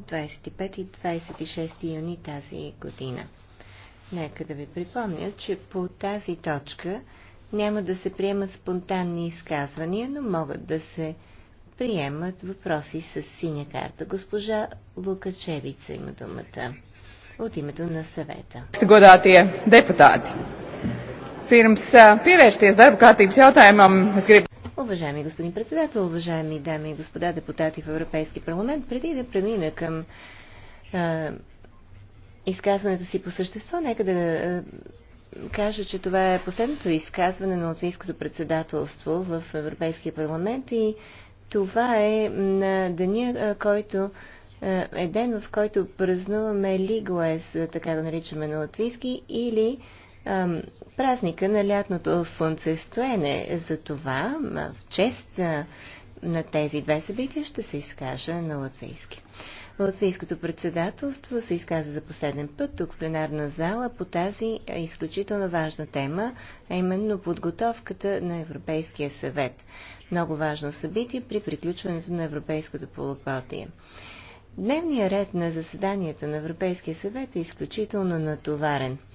25 и 26 юни тази година. Нека да ви припомня, че по тази точка няма да се приемат спонтанни изказвания, но могат да се приемат въпроси с синя карта. Госпожа Лукачевица има думата от името на съвета. Годатие депутати. Pirms pievēršties и kārtības jautājumam, имам gribu Уважаеми господин председател, уважаеми дами и господа депутати в Европейски парламент, преди да премина към а, изказването си по същество, нека да а, кажа, че това е последното изказване на латвийското председателство в Европейския парламент и това е на деня, който е ден, в който празнуваме Лигоес, така го наричаме на латвийски, или ам, празника на лятното слънцестоене. За това, в чест а, на тези две събития, ще се изкажа на латвийски. Латвийското председателство се изказа за последен път тук в пленарна зала по тази изключително важна тема, а именно подготовката на Европейския съвет. Много важно събитие при приключването на Европейското полуплатие. Дневният ред на заседанието на Европейския съвет е изключително натоварен –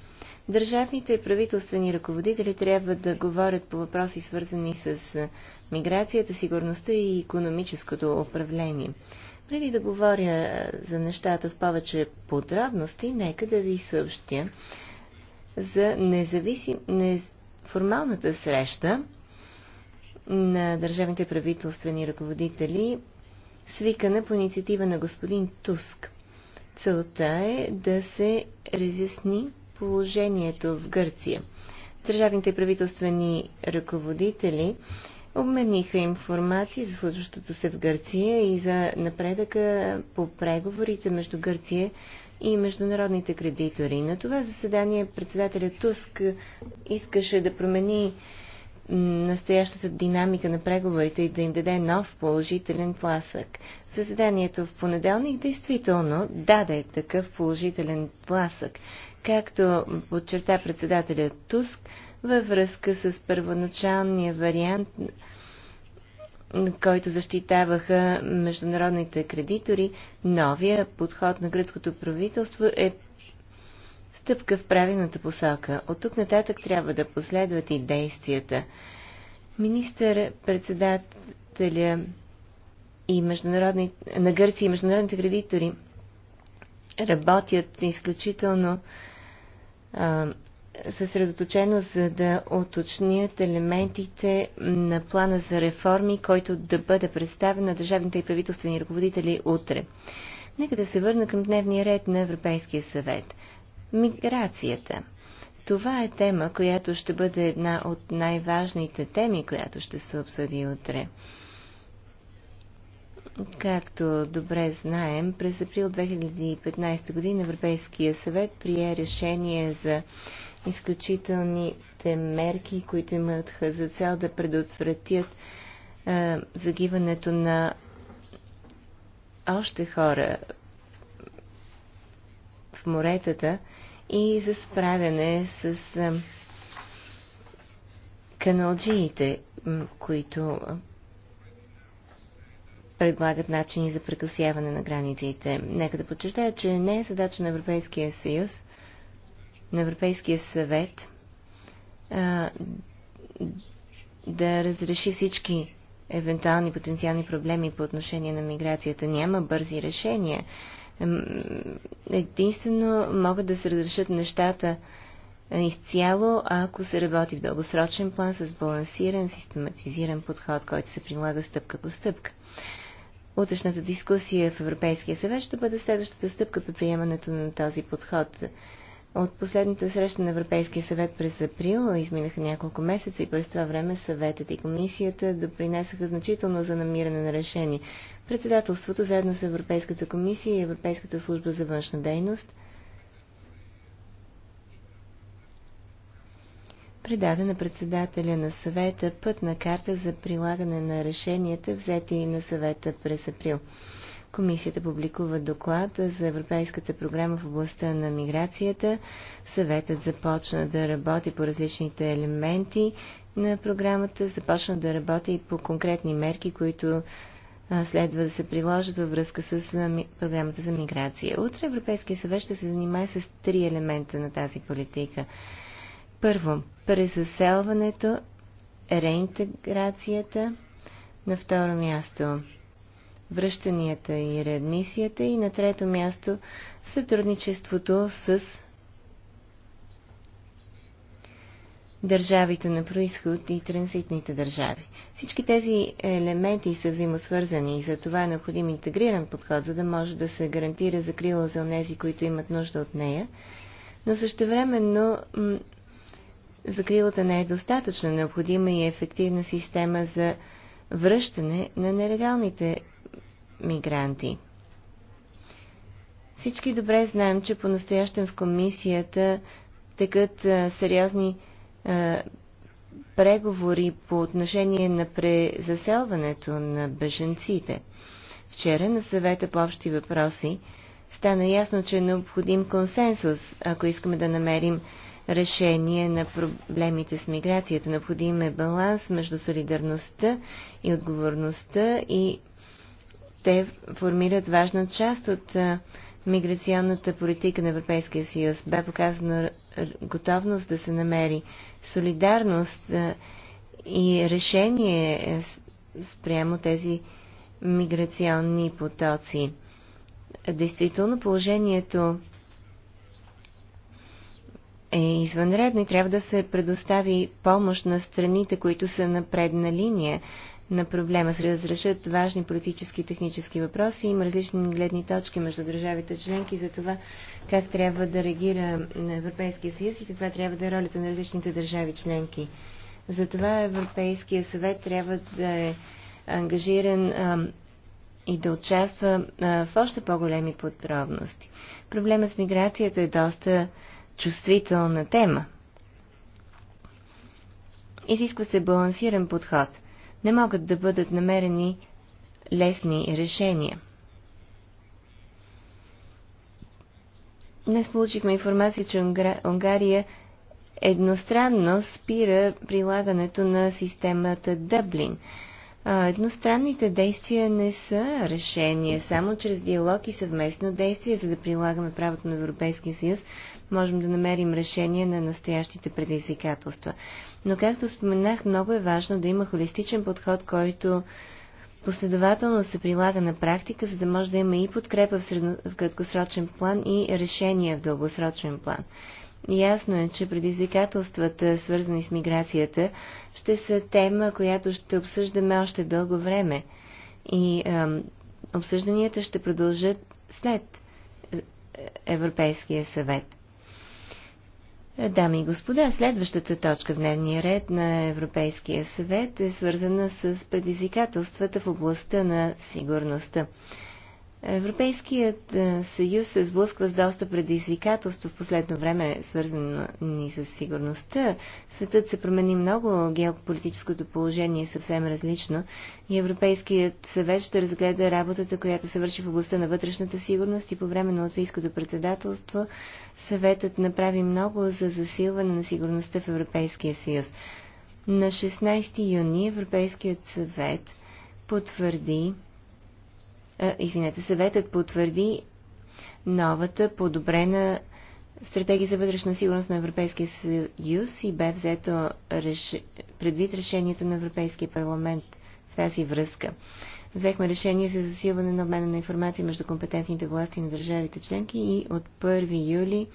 Държавните и правителствени ръководители трябва да говорят по въпроси, свързани с миграцията, сигурността и економическото управление. Преди да говоря за нещата в повече подробности, нека да ви съобщя за независим, формалната среща на държавните правителствени ръководители, свикана по инициатива на господин Туск. Целта е да се разясни положението в Гърция. Държавните правителствени ръководители обмениха информации за случващото се в Гърция и за напредъка по преговорите между Гърция и международните кредитори. На това заседание председателя Туск искаше да промени настоящата динамика на преговорите и да им даде нов положителен пласък. Заседанието в понеделник действително даде такъв положителен пласък, както подчерта председателят Туск във връзка с първоначалния вариант, който защитаваха международните кредитори, новия подход на гръцкото правителство е стъпка в правилната посока. От тук нататък трябва да последват и действията. Министър-председателя и международни, на Гърция и международните кредитори работят изключително съсредоточено, за да оточнят елементите на плана за реформи, който да бъде представен на държавните и правителствени ръководители утре. Нека да се върна към дневния ред на Европейския съвет миграцията. Това е тема, която ще бъде една от най-важните теми, която ще се обсъди утре. Както добре знаем, през април 2015 година Европейския съвет прие решение за изключителните мерки, които имат за цел да предотвратят е, загиването на още хора в моретата и за справяне с каналджиите, които предлагат начини за прекъсяване на границите. Нека да подчертая, че не е задача на Европейския съюз, на Европейския съвет а, да разреши всички евентуални потенциални проблеми по отношение на миграцията. Няма бързи решения. Единствено могат да се разрешат нещата е, изцяло, ако се работи в дългосрочен план с балансиран, систематизиран подход, който се прилага стъпка по стъпка. Утрешната дискусия в Европейския съвет ще бъде следващата стъпка при приемането на този подход. От последната среща на Европейския съвет през април изминаха няколко месеца и през това време съветът и комисията допринесаха значително за намиране на решение. Председателството заедно с Европейската комисия и Европейската служба за външна дейност предаде на председателя на съвета пътна карта за прилагане на решенията, взети на съвета през април. Комисията публикува доклад за Европейската програма в областта на миграцията. Съветът започна да работи по различните елементи на програмата, започна да работи и по конкретни мерки, които следва да се приложат във връзка с програмата за миграция. Утре Европейския съвет ще се занимае с три елемента на тази политика. Първо, презаселването, реинтеграцията. На второ място, връщанията и реадмисията и на трето място сътрудничеството с държавите на происход и транзитните държави. Всички тези елементи са взаимосвързани и за това е необходим интегриран подход, за да може да се гарантира закрила за онези, които имат нужда от нея, но същевременно закрилата не е достатъчна. Необходима и ефективна система за връщане на нелегалните мигранти. Всички добре знаем, че по-настоящем в комисията тъкат сериозни а, преговори по отношение на презаселването на беженците. Вчера на съвета по общи въпроси стана ясно, че е необходим консенсус, ако искаме да намерим решение на проблемите с миграцията. Необходим е баланс между солидарността и отговорността и те формират важна част от миграционната политика на Европейския съюз. Бе показана готовност да се намери солидарност и решение е, спрямо тези миграционни потоци. Действително положението е извънредно и трябва да се предостави помощ на страните, които са на предна линия, на проблема, се разрешат важни политически и технически въпроси. Има различни гледни точки между държавите членки за това как трябва да реагира на Европейския съюз и каква трябва да е ролята на различните държави членки. Затова Европейския съвет трябва да е ангажиран а, и да участва а, в още по-големи подробности. Проблемът с миграцията е доста чувствителна тема. Изисква се балансиран подход – не могат да бъдат намерени лесни решения. Днес получихме информация, че Унгария едностранно спира прилагането на системата Дъблин. Едностранните действия не са решение. Само чрез диалог и съвместно действие, за да прилагаме правото на Европейския съюз, можем да намерим решение на настоящите предизвикателства. Но, както споменах, много е важно да има холистичен подход, който последователно се прилага на практика, за да може да има и подкрепа в, средно... в краткосрочен план и решение в дългосрочен план. Ясно е, че предизвикателствата, свързани с миграцията, ще са тема, която ще обсъждаме още дълго време. И е, обсъжданията ще продължат след е, Европейския съвет. Дами и господа, следващата точка в дневния ред на Европейския съвет е свързана с предизвикателствата в областта на сигурността. Европейският е, съюз се сблъсква с доста предизвикателство в последно време, свързано ни с сигурността. Светът се промени много, геополитическото положение е съвсем различно и Европейският съвет ще разгледа работата, която се върши в областта на вътрешната сигурност и по време на латвийското председателство съветът направи много за засилване на сигурността в Европейския съюз. На 16 юни Европейският съвет потвърди е, извинете, съветът потвърди новата подобрена стратегия за вътрешна сигурност на Европейския съюз и бе взето реш... предвид решението на Европейския парламент в тази връзка. Взехме решение за засилване на обмена на информация между компетентните власти на държавите членки и от 1 юли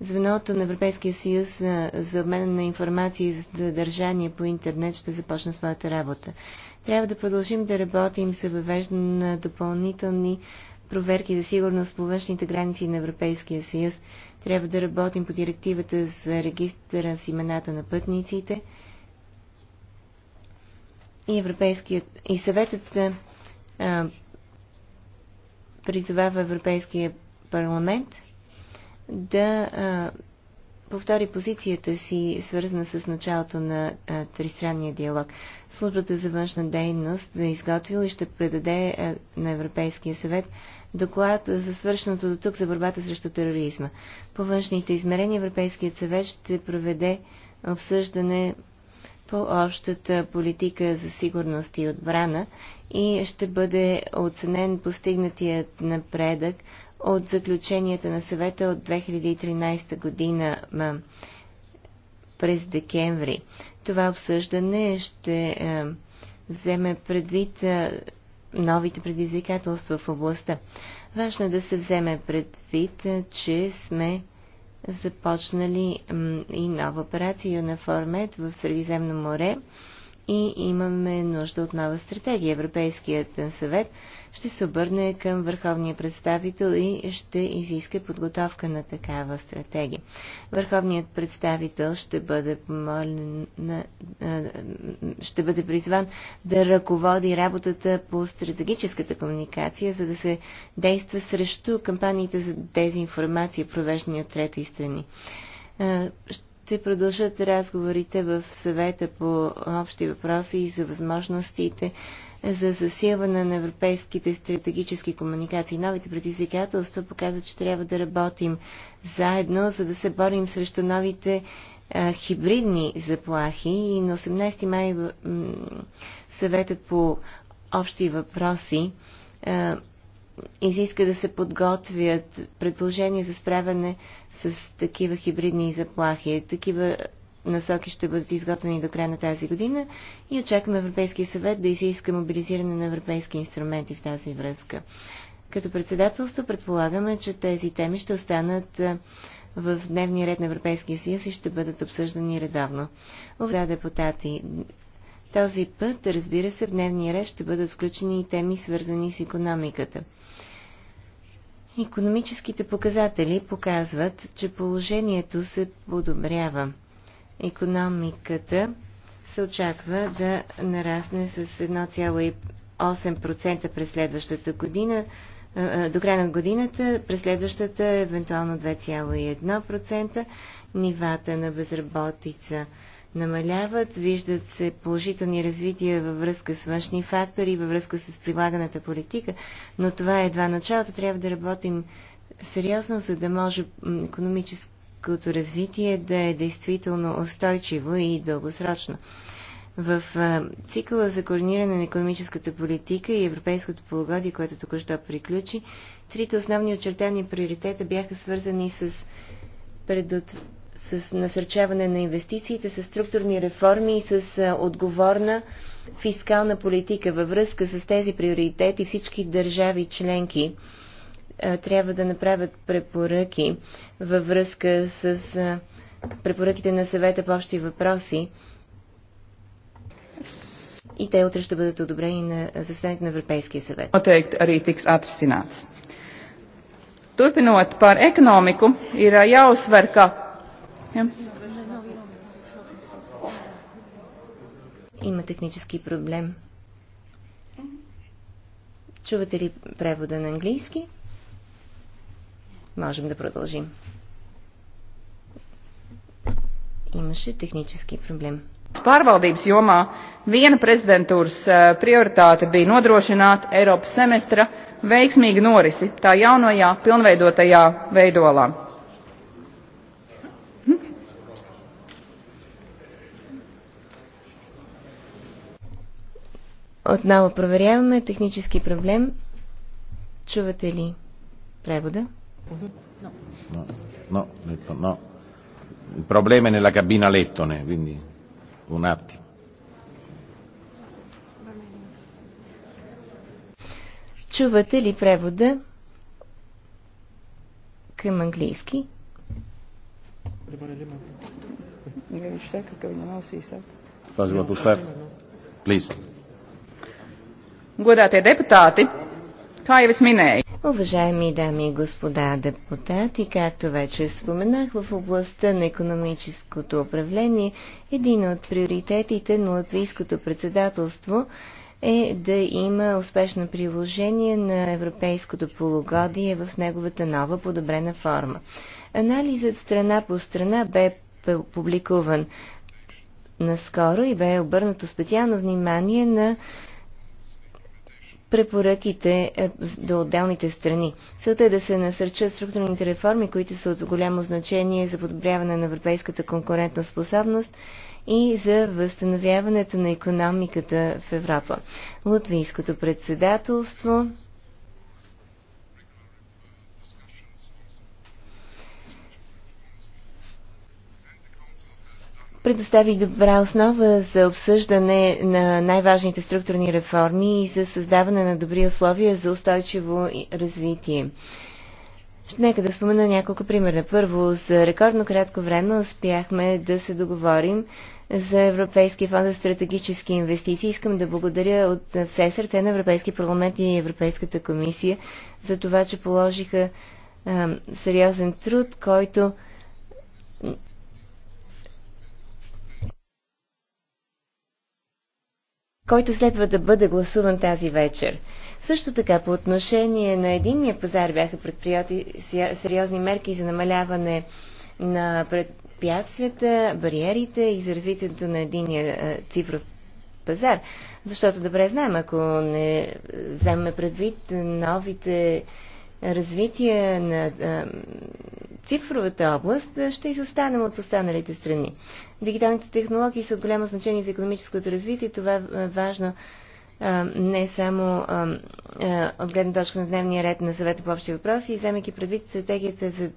Звеното на Европейския съюз за обмена на информация и за съдържание по интернет ще започне своята работа. Трябва да продължим да работим с въвеждане на допълнителни проверки за сигурност по външните граници на Европейския съюз. Трябва да работим по директивата за регистъра с имената на пътниците. И, Европейският, и съветът а, призовава Европейския парламент да а, повтори позицията си, свързана с началото на а, тристранния диалог. Службата за външна дейност да е изготвил и ще предаде а, на Европейския съвет доклад за свършеното до тук за борбата срещу тероризма. По външните измерения Европейският съвет ще проведе обсъждане по общата политика за сигурност и отбрана и ще бъде оценен постигнатият напредък от заключенията на съвета от 2013 година през декември. Това обсъждане ще е, вземе предвид е, новите предизвикателства в областта. Важно е да се вземе предвид, е, че сме започнали и нова операция Юнаформет в Средиземно море и имаме нужда от нова стратегия. Европейският съвет ще се обърне към върховния представител и ще изиска подготовка на такава стратегия. Върховният представител ще бъде, помолен, ще бъде призван да ръководи работата по стратегическата комуникация, за да се действа срещу кампаниите за дезинформация, провеждани от трети страни ще продължат разговорите в съвета по общи въпроси и за възможностите за засилване на европейските стратегически комуникации. Новите предизвикателства показват, че трябва да работим заедно, за да се борим срещу новите а, хибридни заплахи. И на 18 май съветът по общи въпроси а, изиска да се подготвят предложения за справяне с такива хибридни заплахи. Такива насоки ще бъдат изготвени до края на тази година и очакваме Европейския съвет да изиска мобилизиране на европейски инструменти в тази връзка. Като председателство предполагаме, че тези теми ще останат в дневния ред на Европейския съюз и ще бъдат обсъждани редавно. Уважаеми депутати, този път, разбира се, в дневния ред ще бъдат включени и теми, свързани с економиката. Економическите показатели показват, че положението се подобрява. Економиката се очаква да нарасне с 1,8% през следващата година, до края на годината, през следващата евентуално 2,1%. Нивата на безработица намаляват, виждат се положителни развития във връзка с външни фактори, във връзка с прилаганата политика, но това е едва началото. Трябва да работим сериозно, за да може економическото развитие да е действително устойчиво и дългосрочно. В цикъла за координиране на економическата политика и европейското полугодие, което току-що приключи, трите основни очертани приоритета бяха свързани с предотвратяването с насърчаване на инвестициите, с структурни реформи и с отговорна фискална политика. Във връзка с тези приоритети всички държави членки трябва да направят препоръки във връзка с препоръките на съвета по общи въпроси. И те утре ще бъдат одобрени на заседанието на Европейския съвет. Turpinot par ekonomiku, ir jāuzsver, ka Yeah. Има технически проблем. Чувате ли превода на английски? Можем да продължим. Имаше технически проблем. Pārvaldības jomā viena prezidentūras prioritāte bija nodrošināt Eiropas semestra veiksmīgu norisi tā jaunajā pilnveidotajā veidolā Отново проверяваме технически проблем. Чувате ли превода? Но, но, но. Il problema è nella quindi un attimo. Чувате ли превода към английски? Facciamo passare. Е, Please. Godātie deputāti, kā jau es minēju. Уважаеми дами и господа депутати, както вече споменах, в областта на економическото управление един от приоритетите на латвийското председателство е да има успешно приложение на европейското полугодие в неговата нова подобрена форма. Анализът страна по страна бе публикуван наскоро и бе обърнато специално внимание на препоръките е, до отделните страни. Целта е да се насърчат структурните реформи, които са от голямо значение за подобряване на европейската конкурентна способност и за възстановяването на економиката в Европа. Латвийското председателство предостави добра основа за обсъждане на най-важните структурни реформи и за създаване на добри условия за устойчиво развитие. Нека да спомена няколко примера. Първо, за рекордно кратко време успяхме да се договорим за Европейския фонд за стратегически инвестиции. Искам да благодаря от все сърце на Европейски парламент и Европейската комисия за това, че положиха а, сериозен труд, който който следва да бъде гласуван тази вечер. Също така по отношение на единния пазар бяха предприяти сериозни мерки за намаляване на препятствията, бариерите и за развитието на единния е, цифров пазар. Защото добре знаем, ако не вземем предвид новите развитие на цифровата област ще изостанем от останалите страни. Дигиталните технологии са от голямо значение за економическото развитие. Това е, е важно не само от гледна точка на дневния ред на съвета по общи въпроси, и вземайки предвид стратегията за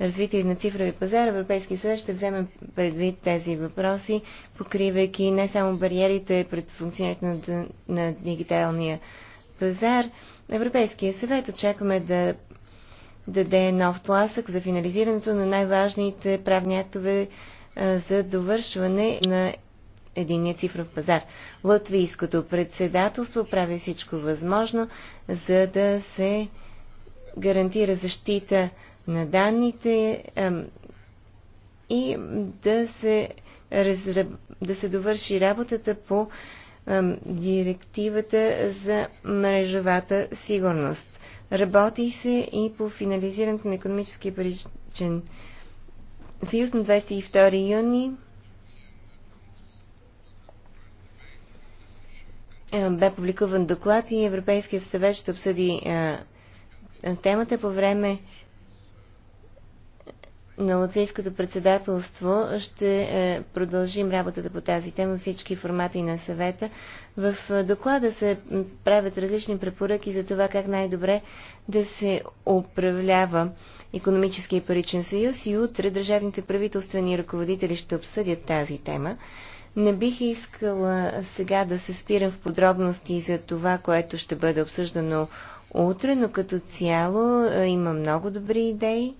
развитие на цифрови пазар, Европейския съвет ще вземе предвид тези въпроси, покривайки не само бариерите пред функционирането на, на дигиталния пазар, Европейския съвет очакваме да даде нов тласък за финализирането на най-важните правни актове за довършване на единния цифров пазар. Латвийското председателство прави всичко възможно, за да се гарантира защита на данните и да се, разраб... да се довърши работата по директивата за мрежовата сигурност. Работи се и по финализирането на економически паричен съюз на 22 юни. Бе публикуван доклад и Европейският съвет ще обсъди темата по време на латвийското председателство ще е, продължим работата по тази тема, всички формати на съвета. В е, доклада се правят различни препоръки за това как най-добре да се управлява економически и паричен съюз и утре държавните правителствени ръководители ще обсъдят тази тема. Не бих искала сега да се спирам в подробности за това, което ще бъде обсъждано утре, но като цяло е, има много добри идеи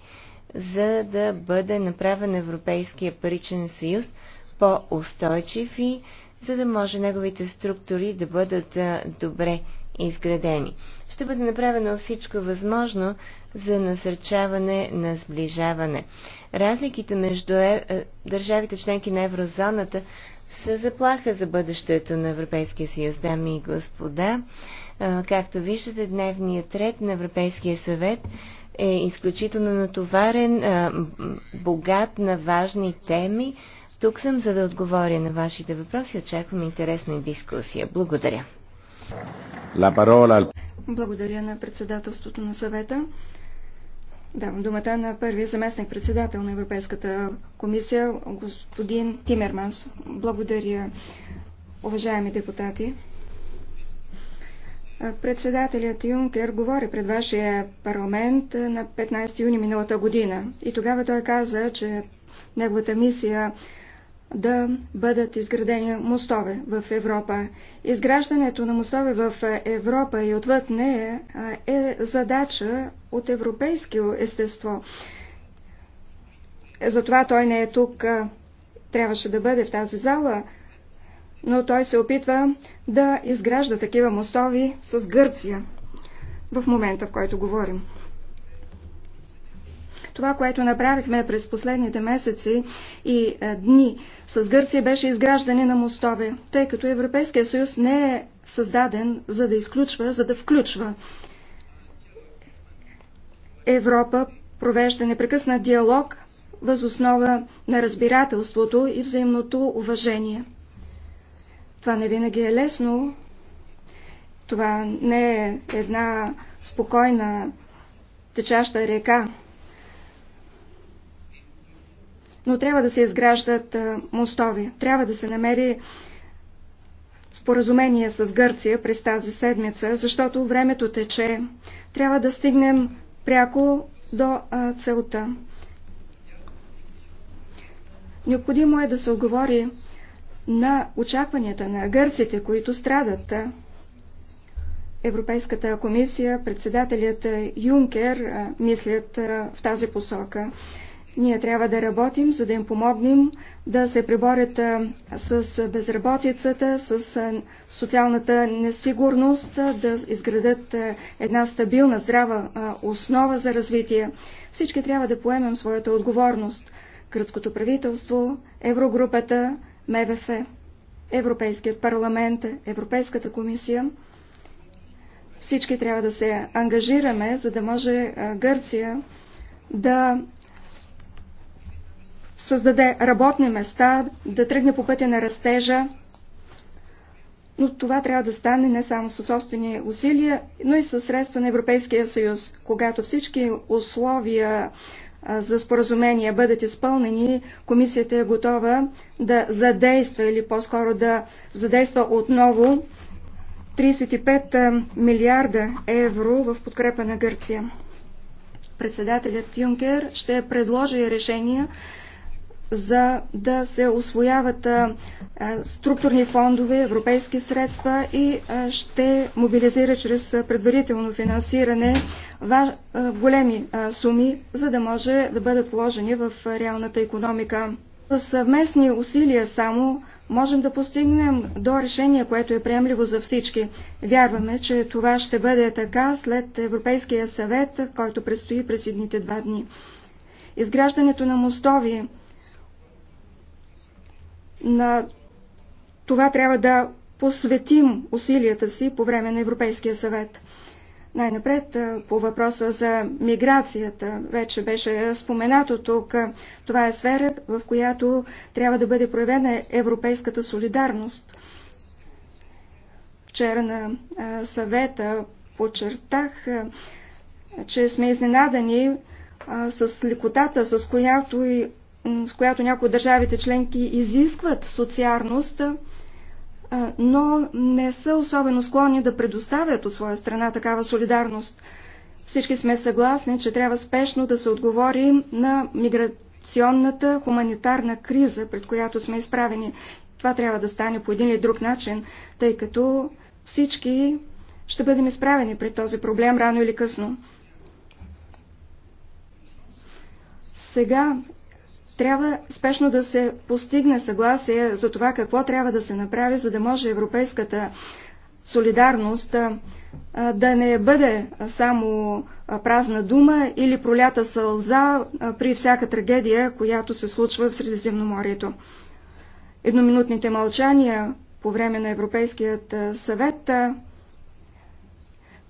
за да бъде направен Европейския паричен съюз по-устойчив и за да може неговите структури да бъдат добре изградени. Ще бъде направено всичко възможно за насърчаване на сближаване. Разликите между е, е... държавите членки на еврозоната са заплаха за бъдещето на Европейския съюз, дами и господа. Както виждате, дневният ред на Европейския съвет е изключително натоварен, богат на важни теми. Тук съм, за да отговоря на вашите въпроси. Очаквам интересна дискусия. Благодаря. Благодаря на председателството на съвета. Давам думата на първия заместник председател на Европейската комисия, господин Тимерманс. Благодаря, уважаеми депутати. Председателят Юнкер говори пред вашия парламент на 15 юни миналата година. И тогава той каза, че неговата мисия да бъдат изградени мостове в Европа. Изграждането на мостове в Европа и отвъд нея е задача от европейски естество. Затова той не е тук. Трябваше да бъде в тази зала, но той се опитва да изгражда такива мостови с Гърция в момента, в който говорим. Това, което направихме през последните месеци и е, дни с Гърция, беше изграждане на мостове, тъй като Европейския съюз не е създаден за да изключва, за да включва. Европа провежда непрекъснат диалог възоснова на разбирателството и взаимното уважение. Това не винаги е лесно. Това не е една спокойна течаща река. Но трябва да се изграждат мостови. Трябва да се намери споразумение с Гърция през тази седмица, защото времето тече. Трябва да стигнем пряко до целта. Необходимо е да се оговори на очакванията на гърците, които страдат. Европейската комисия, председателят Юнкер мислят в тази посока. Ние трябва да работим, за да им помогнем да се преборят с безработицата, с социалната несигурност, да изградат една стабилна, здрава основа за развитие. Всички трябва да поемем своята отговорност. Гръцкото правителство, Еврогрупата, МВФ, Европейският парламент, Европейската комисия. Всички трябва да се ангажираме, за да може Гърция да създаде работни места, да тръгне по пътя на растежа. Но това трябва да стане не само с собствени усилия, но и със средства на Европейския съюз. Когато всички условия за споразумения бъдат изпълнени, комисията е готова да задейства или по-скоро да задейства отново 35 милиарда евро в подкрепа на Гърция. Председателят Юнкер ще предложи решения за да се освояват структурни фондове, европейски средства и ще мобилизира чрез предварително финансиране големи суми, за да може да бъдат вложени в реалната економика. С съвместни усилия само можем да постигнем до решение, което е приемливо за всички. Вярваме, че това ще бъде така след Европейския съвет, който предстои през едните два дни. Изграждането на мостови на това трябва да посветим усилията си по време на Европейския съвет. Най-напред по въпроса за миграцията. Вече беше споменато тук. Това е сфера, в която трябва да бъде проявена европейската солидарност. Вчера на съвета подчертах, че сме изненадани с лекотата, с която и с която някои от държавите членки изискват социарност, но не са особено склонни да предоставят от своя страна такава солидарност. Всички сме съгласни, че трябва спешно да се отговори на миграционната хуманитарна криза, пред която сме изправени. Това трябва да стане по един или друг начин, тъй като всички ще бъдем изправени пред този проблем рано или късно. Сега трябва спешно да се постигне съгласие за това какво трябва да се направи, за да може европейската солидарност да не бъде само празна дума или пролята сълза при всяка трагедия, която се случва в Средиземноморието. Едноминутните мълчания по време на Европейският съвет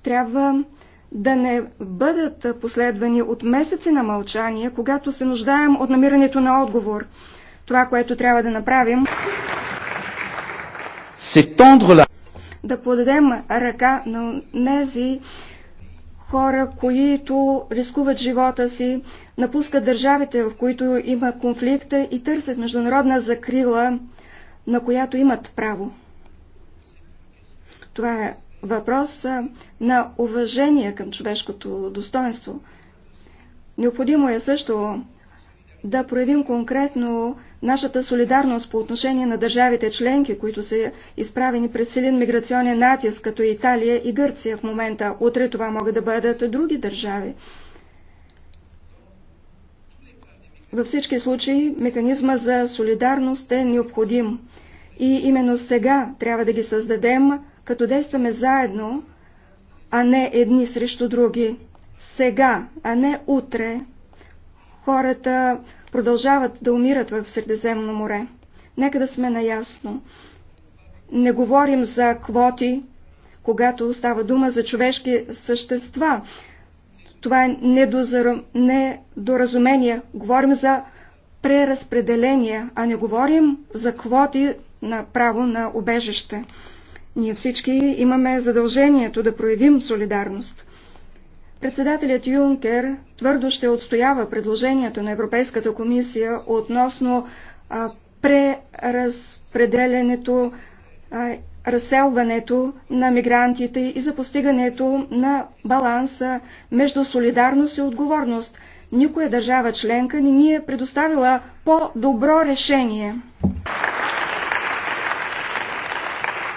трябва да не бъдат последвани от месеци на мълчание, когато се нуждаем от намирането на отговор. Това, което трябва да направим, да подадем ръка на нези хора, които рискуват живота си, напускат държавите, в които има конфликта и търсят международна закрила, на която имат право. Това е въпрос на уважение към човешкото достоинство. Необходимо е също да проявим конкретно нашата солидарност по отношение на държавите членки, които са изправени пред силен миграционен натиск, като Италия и Гърция в момента. Утре това могат да бъдат други държави. Във всички случаи механизма за солидарност е необходим. И именно сега трябва да ги създадем, като действаме заедно, а не едни срещу други, сега, а не утре, хората продължават да умират в Средиземно море. Нека да сме наясно. Не говорим за квоти, когато става дума за човешки същества. Това е недоразумение. Говорим за преразпределение, а не говорим за квоти на право на обежище. Ние всички имаме задължението да проявим солидарност. Председателят Юнкер твърдо ще отстоява предложението на Европейската комисия относно а, преразпределенето, а, разселването на мигрантите и за постигането на баланса между солидарност и отговорност. Никоя държава членка не ни е предоставила по-добро решение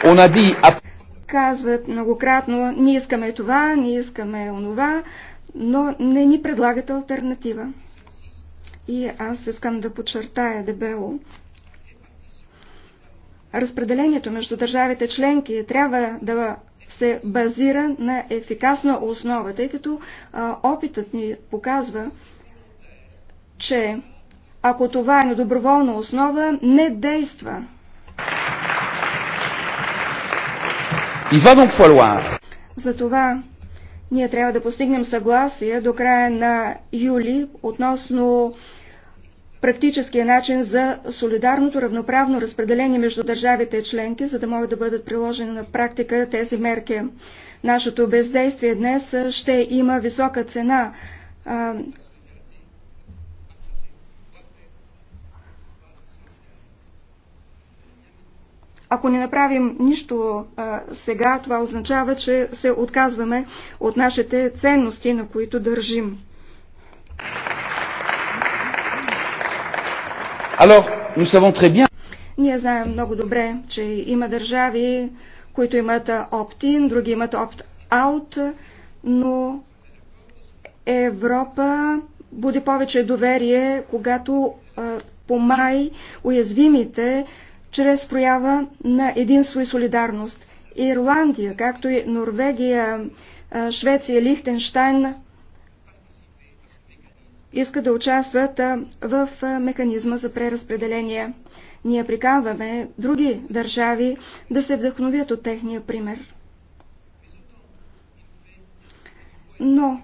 on a dit... Казват многократно, ние искаме това, ние искаме онова, но не ни предлагат альтернатива. И аз искам да подчертая дебело. Разпределението между държавите членки трябва да се базира на ефикасна основа, тъй като а, опитът ни показва, че ако това е на доброволна основа, не действа. Il va donc falloir. Затова ние трябва да постигнем съгласие до края на юли относно практическия начин за солидарното равноправно разпределение между държавите членки, за да могат да бъдат приложени на практика тези мерки. Нашето бездействие днес ще има висока цена Ако не направим нищо а, сега, това означава, че се отказваме от нашите ценности, на които държим. Alors, nous savons très bien. Ние знаем много добре, че има държави, които имат opt-in, други имат opt-out, но Европа буди повече доверие, когато а, по май уязвимите чрез проява на единство и солидарност. Ирландия, както и Норвегия, Швеция, Лихтенштайн искат да участват в механизма за преразпределение. Ние приканваме други държави да се вдъхновят от техния пример. Но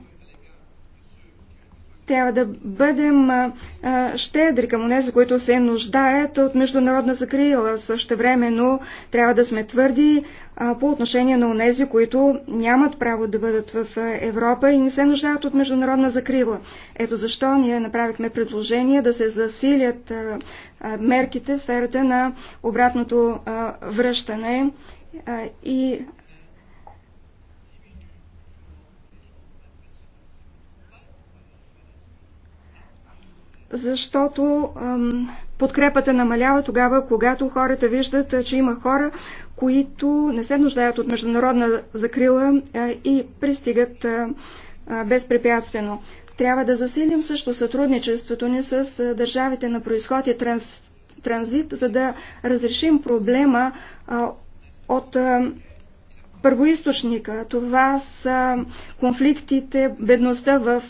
трябва да бъдем а, щедри към тези, които се нуждаят от международна закрила. Същевременно трябва да сме твърди а, по отношение на унези, които нямат право да бъдат в Европа и не се нуждаят от международна закрила. Ето защо ние направихме предложение да се засилят а, а, мерките в сферата на обратното а, връщане и защото ам, подкрепата намалява тогава, когато хората виждат, че има хора, които не се нуждаят от международна закрила а, и пристигат а, а, безпрепятствено. Трябва да засилим също сътрудничеството ни с а, държавите на происход и транс, транзит, за да разрешим проблема а, от а, първоисточника. Това са конфликтите, бедността в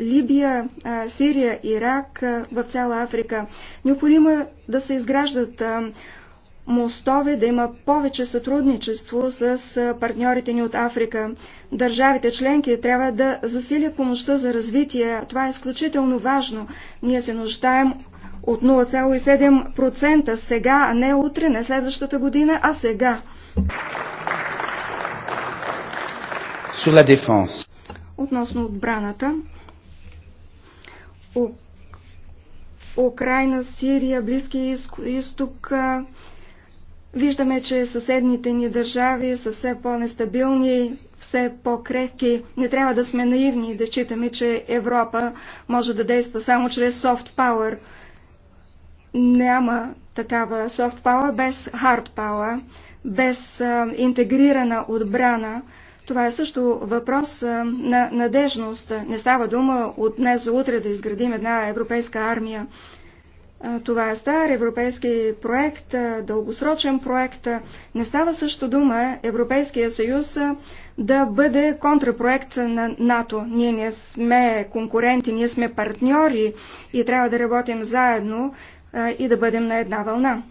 Либия, Сирия, Ирак, в цяла Африка. Необходимо е да се изграждат мостове, да има повече сътрудничество с партньорите ни от Африка. Държавите членки трябва да засилят помощта за развитие. Това е изключително важно. Ние се нуждаем от 0,7% сега, а не утре, не следващата година, а сега sur la défense. Относно отбраната, У... Украина, Сирия, Близки изток, виждаме, че съседните ни държави са все по-нестабилни, все по-крехки. Не трябва да сме наивни и да считаме, че Европа може да действа само чрез soft power. Няма такава soft power без hard power, без а, интегрирана отбрана, това е също въпрос на надежност. Не става дума от днес за утре да изградим една европейска армия. Това е стар европейски проект, дългосрочен проект. Не става също дума Европейския съюз да бъде контрапроект на НАТО. Ние не сме конкуренти, ние сме партньори и трябва да работим заедно и да бъдем на една вълна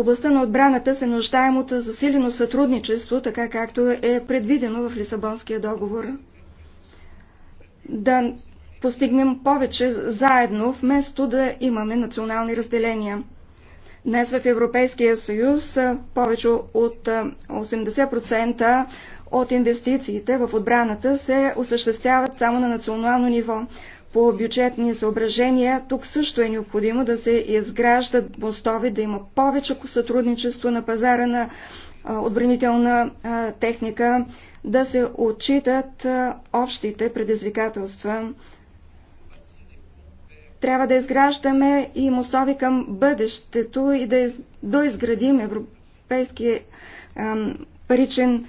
областта на отбраната се нуждаем от засилено сътрудничество, така както е предвидено в Лисабонския договор. Да постигнем повече заедно, вместо да имаме национални разделения. Днес в Европейския съюз повече от 80% от инвестициите в отбраната се осъществяват само на национално ниво по бюджетни съображения, тук също е необходимо да се изграждат мостове, да има повече сътрудничество на пазара на отбранителна техника, да се отчитат общите предизвикателства. Трябва да изграждаме и мостови към бъдещето и да доизградим Европейски паричен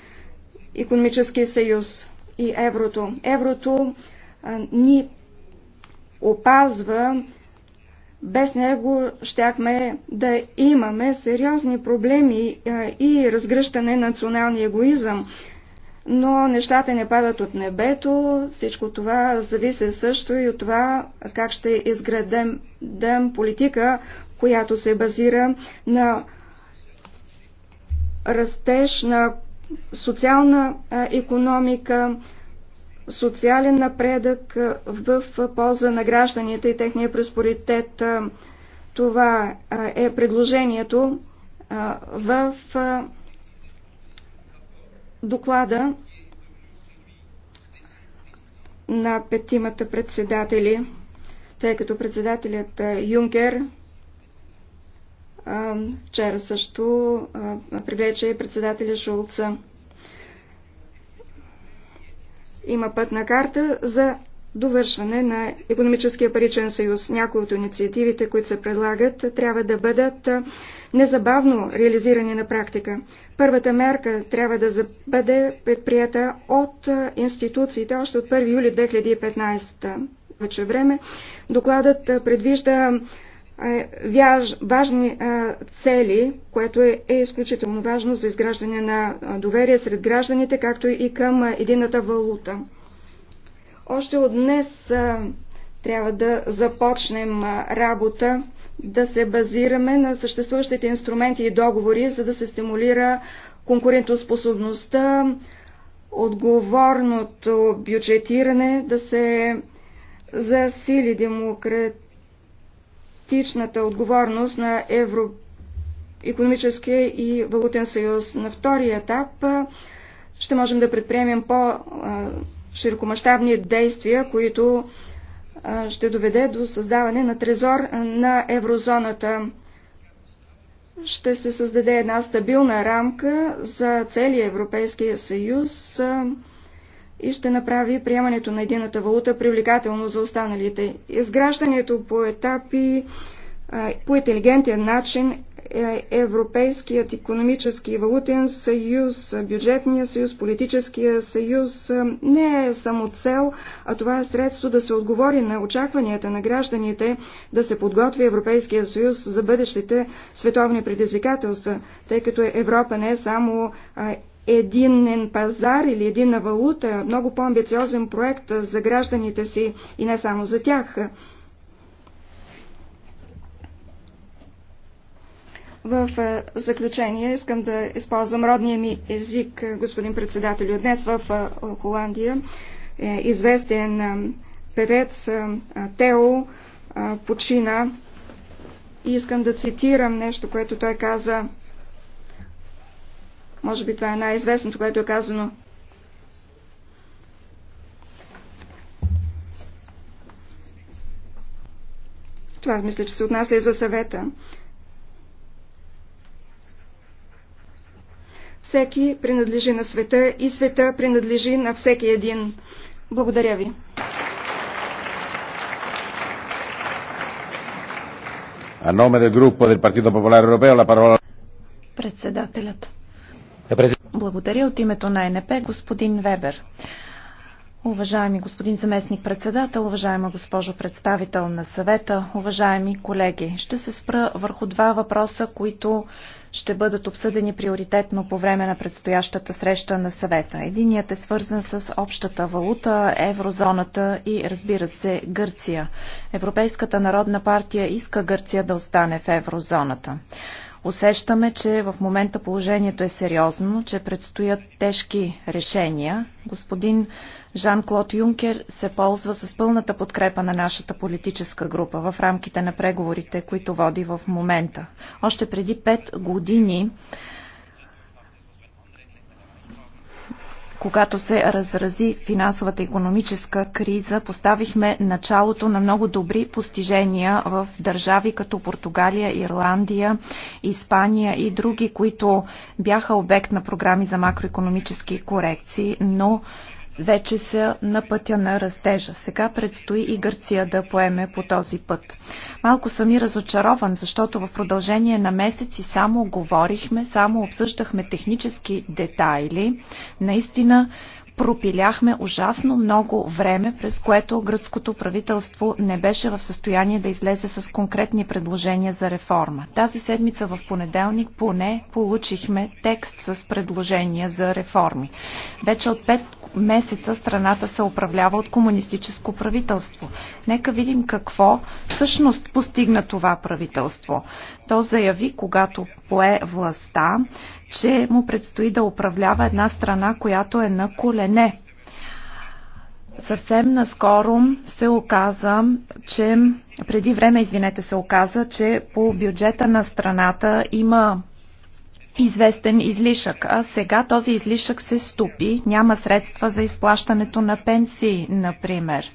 економически съюз и еврото. Еврото ни опазва, без него щяхме да имаме сериозни проблеми е, и разгръщане на националния егоизъм. Но нещата не падат от небето, всичко това зависи също и от това как ще изградем политика, която се базира на растеж на социална економика, социален напредък в полза на гражданите и техния преспоритет. Това е предложението в доклада на петимата председатели, тъй като председателят Юнкер вчера също привлече председателя Шулца има пътна карта за довършване на економическия паричен съюз. Някои от инициативите, които се предлагат, трябва да бъдат незабавно реализирани на практика. Първата мерка трябва да бъде предприята от институциите още от 1 юли 2015 вече е време. Докладът предвижда е, важни е, цели, което е, е, изключително важно за изграждане на доверие сред гражданите, както и към едината валута. Още от днес трябва да започнем работа, да се базираме на съществуващите инструменти и договори, за да се стимулира конкурентоспособността, отговорното бюджетиране, да се засили демократ демократичната отговорност на Евро... економическия и валутен съюз. На втория етап ще можем да предприемем по-широкомащабни действия, които ще доведе до създаване на трезор на еврозоната. Ще се създаде една стабилна рамка за целия Европейския съюз, и ще направи приемането на едината валута привлекателно за останалите. Изграждането по етапи, по интелигентен начин е Европейският економически и валутен съюз, бюджетния съюз, политическия съюз не е само цел, а това е средство да се отговори на очакванията на гражданите да се подготви Европейския съюз за бъдещите световни предизвикателства, тъй като Европа не е само единен пазар или единна валута, много по-амбициозен проект за гражданите си и не само за тях. В заключение искам да използвам родния ми език, господин председател. Днес в Холандия е известен певец Тео почина и искам да цитирам нещо, което той каза. Може би това е най-известното, което е казано. Това мисля, че се отнася и за съвета. Всеки принадлежи на света и света принадлежи на всеки един. Благодаря ви. Председателят е, Благодаря от името на НП, господин Вебер. Уважаеми господин заместник председател, уважаема госпожо представител на съвета, уважаеми колеги, ще се спра върху два въпроса, които ще бъдат обсъдени приоритетно по време на предстоящата среща на съвета. Единият е свързан с общата валута, еврозоната и разбира се Гърция. Европейската народна партия иска Гърция да остане в еврозоната. Усещаме, че в момента положението е сериозно, че предстоят тежки решения. Господин Жан-Клод Юнкер се ползва с пълната подкрепа на нашата политическа група в рамките на преговорите, които води в момента. Още преди пет години когато се разрази финансовата економическа криза, поставихме началото на много добри постижения в държави като Португалия, Ирландия, Испания и други, които бяха обект на програми за макроекономически корекции, но вече са на пътя на растежа. Сега предстои и Гърция да поеме по този път. Малко съм и разочарован, защото в продължение на месеци само говорихме, само обсъждахме технически детайли. Наистина пропиляхме ужасно много време, през което гръцкото правителство не беше в състояние да излезе с конкретни предложения за реформа. Тази седмица в понеделник поне получихме текст с предложения за реформи. Вече от пет месеца страната се управлява от комунистическо правителство. Нека видим какво всъщност постигна това правителство. То заяви, когато пое властта, че му предстои да управлява една страна, която е на колене. Съвсем наскоро се оказа, че преди време, извинете, се оказа, че по бюджета на страната има известен излишък, а сега този излишък се ступи, няма средства за изплащането на пенсии, например.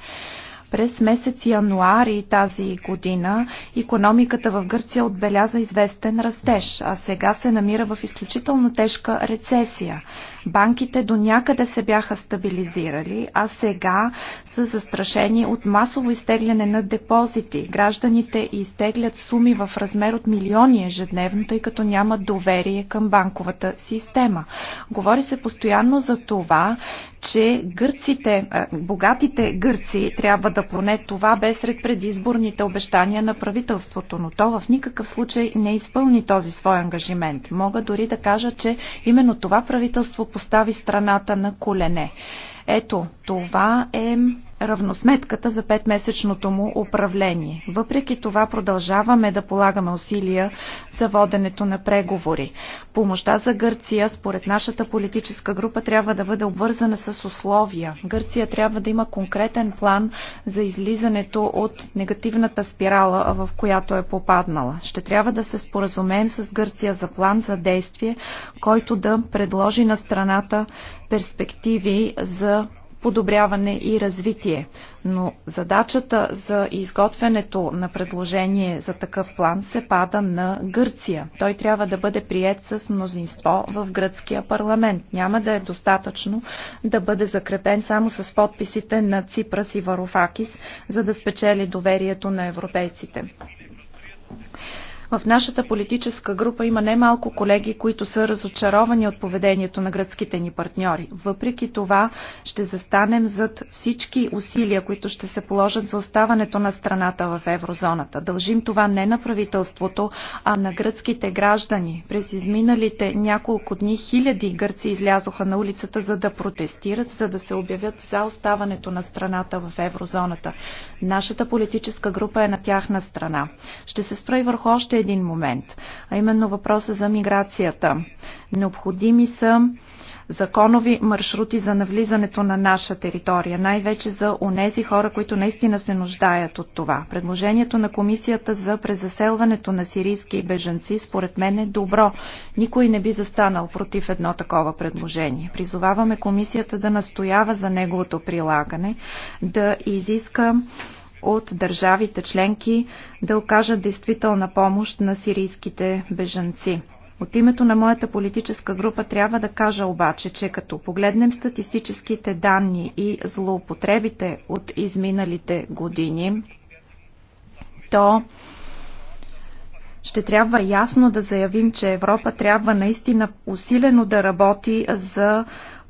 През месец януари тази година економиката в Гърция отбеляза известен растеж, а сега се намира в изключително тежка рецесия. Банките до някъде се бяха стабилизирали, а сега са застрашени от масово изтегляне на депозити. Гражданите изтеглят суми в размер от милиони ежедневно, тъй като нямат доверие към банковата система. Говори се постоянно за това, че гърците, е, богатите гърци трябва да поне това без сред предизборните обещания на правителството, но то в никакъв случай не изпълни този свой ангажимент. Мога дори да кажа, че именно това правителство постави страната на колене. Ето, това е равносметката за петмесечното месечното му управление. Въпреки това продължаваме да полагаме усилия за воденето на преговори. Помощта за Гърция, според нашата политическа група, трябва да бъде обвързана с условия. Гърция трябва да има конкретен план за излизането от негативната спирала, в която е попаднала. Ще трябва да се споразумеем с Гърция за план за действие, който да предложи на страната перспективи за подобряване и развитие. Но задачата за изготвянето на предложение за такъв план се пада на Гърция. Той трябва да бъде прият с мнозинство в гръцкия парламент. Няма да е достатъчно да бъде закрепен само с подписите на Ципрас и Варофакис, за да спечели доверието на европейците. В нашата политическа група има немалко колеги, които са разочаровани от поведението на гръцките ни партньори. Въпреки това ще застанем зад всички усилия, които ще се положат за оставането на страната в еврозоната. Дължим това не на правителството, а на гръцките граждани. През изминалите няколко дни хиляди гърци излязоха на улицата за да протестират, за да се обявят за оставането на страната в еврозоната. Нашата политическа група е на тяхна страна. Ще се спра и върху още още един момент, а именно въпроса за миграцията. Необходими са законови маршрути за навлизането на наша територия, най-вече за онези хора, които наистина се нуждаят от това. Предложението на комисията за презаселването на сирийски бежанци според мен е добро. Никой не би застанал против едно такова предложение. Призоваваме комисията да настоява за неговото прилагане, да изиска от държавите членки да окажат действителна помощ на сирийските бежанци. От името на моята политическа група трябва да кажа обаче, че като погледнем статистическите данни и злоупотребите от изминалите години, то ще трябва ясно да заявим, че Европа трябва наистина усилено да работи за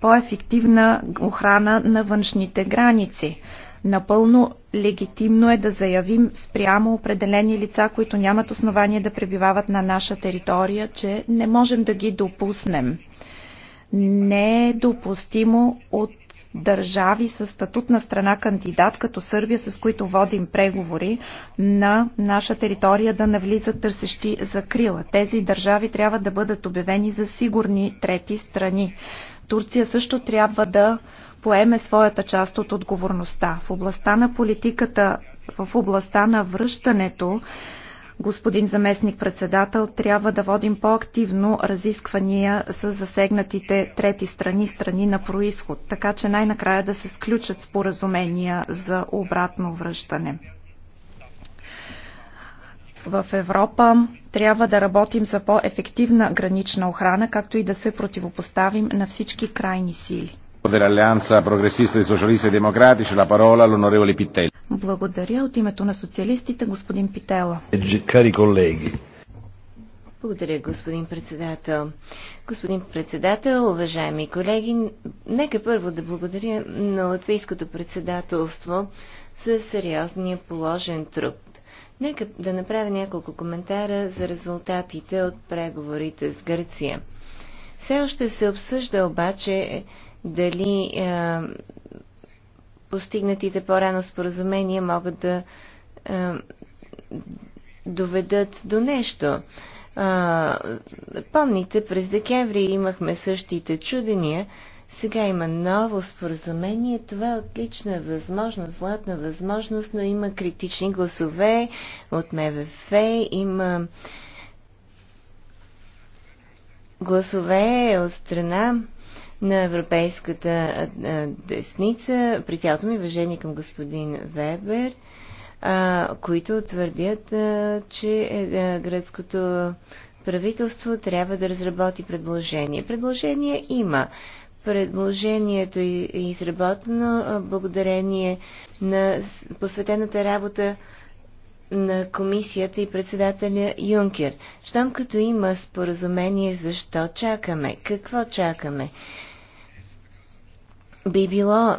по-ефективна охрана на външните граници. Напълно легитимно е да заявим спрямо определени лица, които нямат основание да пребивават на наша територия, че не можем да ги допуснем. Не е допустимо от държави с статут на страна кандидат, като Сърбия, с които водим преговори, на наша територия да навлизат търсещи закрила. Тези държави трябва да бъдат обявени за сигурни трети страни. Турция също трябва да поеме своята част от отговорността. В областта на политиката, в областта на връщането, господин заместник-председател, трябва да водим по-активно разисквания с засегнатите трети страни, страни на происход, така че най-накрая да се сключат споразумения за обратно връщане. В Европа трябва да работим за по-ефективна гранична охрана, както и да се противопоставим на всички крайни сили. E e благодаря от името на социалистите, господин Питела. Е, Кари колеги, благодаря, господин председател. Господин председател, уважаеми колеги, нека първо да благодаря на латвийското председателство за сериозния положен труд. Нека да направя няколко коментара за резултатите от преговорите с Гърция. Все още се обсъжда обаче дали е, постигнатите по-рано споразумения могат да е, доведат до нещо. Е, помните, през декември имахме същите чудения сега има ново споразумение. Това е отлична е възможност, златна възможност, но има критични гласове от МВФ, има гласове от страна на европейската десница, при цялото ми уважение към господин Вебер, които твърдят, че е, гръцкото правителство трябва да разработи предложение. Предложение има. Предложението е изработено благодарение на посветената работа на комисията и председателя Юнкер. Щом като има споразумение, защо чакаме? Какво чакаме? Би било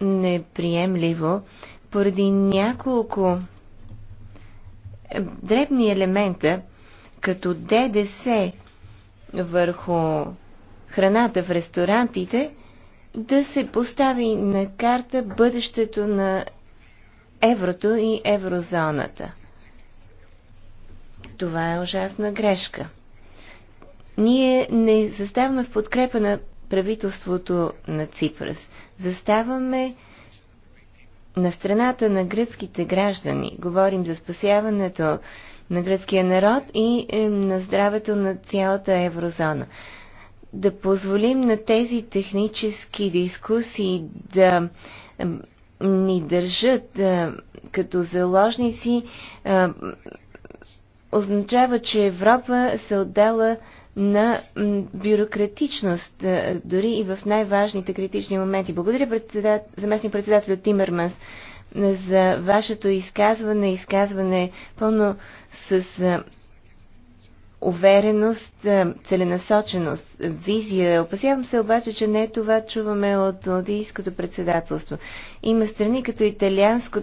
неприемливо поради няколко дребни елемента, като ДДС върху храната в ресторантите, да се постави на карта бъдещето на еврото и еврозоната. Това е ужасна грешка. Ние не заставаме в подкрепа на правителството на Ципрас. Заставаме на страната на гръцките граждани. Говорим за спасяването на гръцкия народ и на здравето на цялата еврозона. Да позволим на тези технически дискусии да ни държат като заложници означава, че Европа се отдала на бюрократичност, е, дори и в най-важните критични моменти. Благодаря председат... заместник председателю Тимерманс за вашето изказване, изказване пълно с увереност, целенасоченост, визия. Опасявам се обаче, че не това чуваме от ладийското председателство. Има страни като италианско,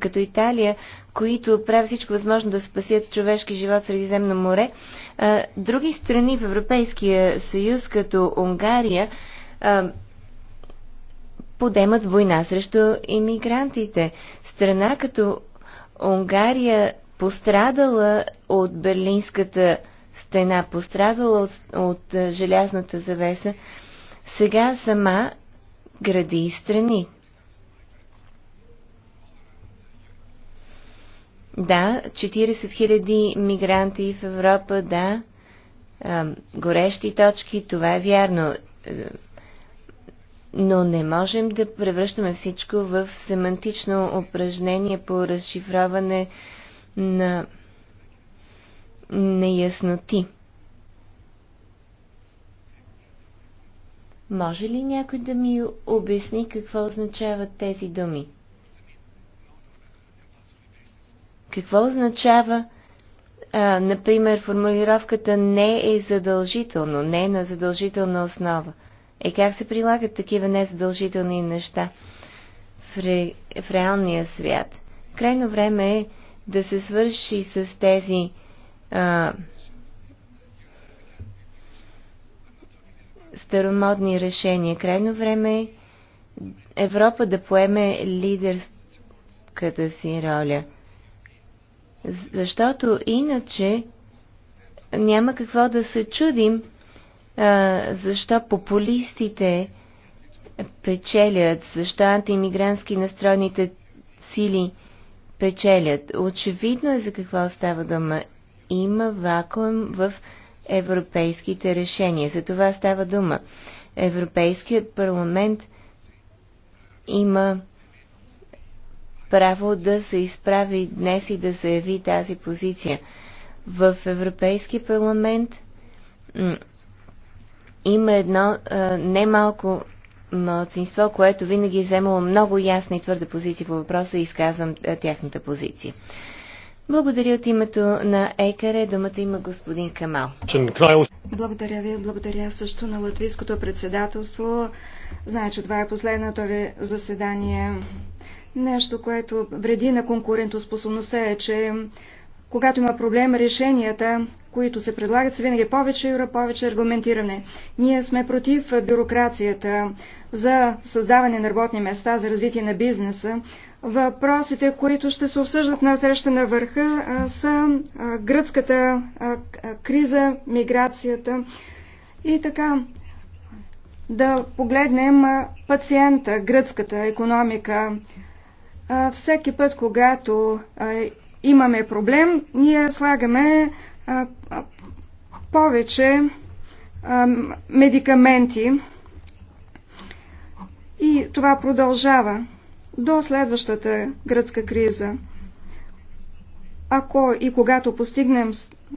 като Италия, които правят всичко възможно да спасят човешки живот в Средиземно море. Други страни в Европейския съюз, като Унгария, подемат война срещу иммигрантите. Страна като Унгария пострадала от Берлинската стена, пострадала от, от желязната завеса, сега сама гради и страни. Да, 40 000 мигранти в Европа, да, горещи точки, това е вярно. Е, но не можем да превръщаме всичко в семантично упражнение по разшифраване на неясноти. Може ли някой да ми обясни какво означават тези думи? Какво означава, а, например, формулировката не е задължително, не е на задължителна основа? Е как се прилагат такива незадължителни неща в, ре, в реалния свят? Крайно време е да се свърши с тези а, старомодни решения. Крайно време е Европа да поеме лидерската си роля. Защото иначе няма какво да се чудим, защо популистите печелят, защо антиимигрантски настроените сили печелят. Очевидно е за какво става дума. Има вакуум в европейските решения. За това става дума. Европейският парламент има право да се изправи днес и да заяви тази позиция. В Европейски парламент има едно а, немалко мълцинство, което винаги е вземало много ясна и твърда позиция по въпроса и изказвам а, тяхната позиция. Благодаря от името на ЕКАРЕ. Думата има господин Камал. Благодаря ви. Благодаря също на Латвийското председателство. Знае, че това е последното ви заседание. Нещо, което вреди на конкурентоспособността е, че когато има проблем, решенията, които се предлагат, са винаги повече юра, повече аргументиране. Ние сме против бюрокрацията за създаване на работни места, за развитие на бизнеса. Въпросите, които ще се обсъждат на среща на върха, са гръцката криза, миграцията и така. Да погледнем пациента, гръцката економика. Всеки път, когато имаме проблем, ние слагаме а, а, повече а, медикаменти и това продължава до следващата гръцка криза. Ако и когато постигнем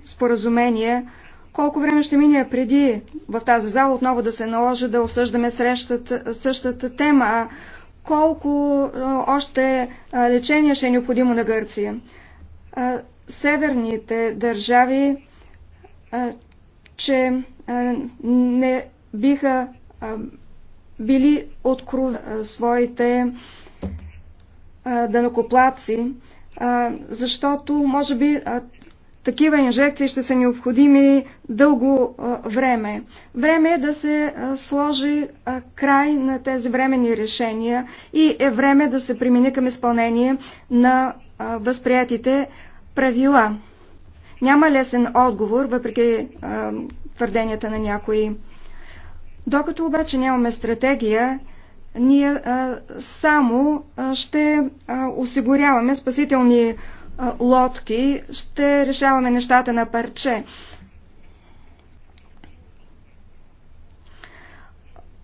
споразумение, колко време ще мине преди в тази зала отново да се наложи да обсъждаме срещата, същата тема, колко още лечение ще е необходимо на Гърция северните държави, че не биха били открови своите дънокоплаци, защото може би такива инжекции ще са необходими дълго време. Време е да се сложи край на тези времени решения и е време да се премине към изпълнение на възприятите правила. Няма лесен отговор, въпреки а, твърденията на някои. Докато обаче нямаме стратегия, ние а, само а, ще а, осигуряваме спасителни а, лодки, ще решаваме нещата на парче.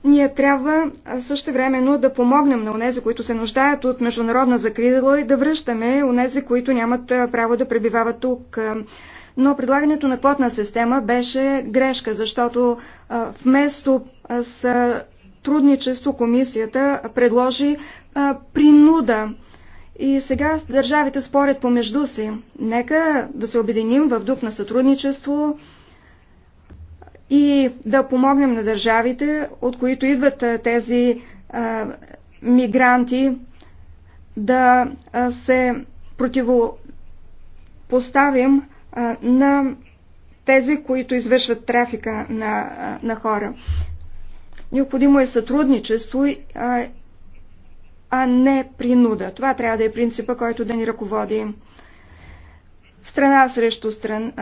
Ние трябва също времено да помогнем на онези, които се нуждаят от международна закрила и да връщаме онези, които нямат право да пребивават тук. Но предлагането на квотна система беше грешка, защото вместо с трудничество комисията предложи принуда. И сега държавите спорят помежду си. Нека да се обединим в дух на сътрудничество, и да помогнем на държавите, от които идват тези а, мигранти, да се противопоставим а, на тези, които извършват трафика на, а, на хора. Необходимо е сътрудничество, а, а не принуда. Това трябва да е принципа, който да ни ръководи страна срещу стран,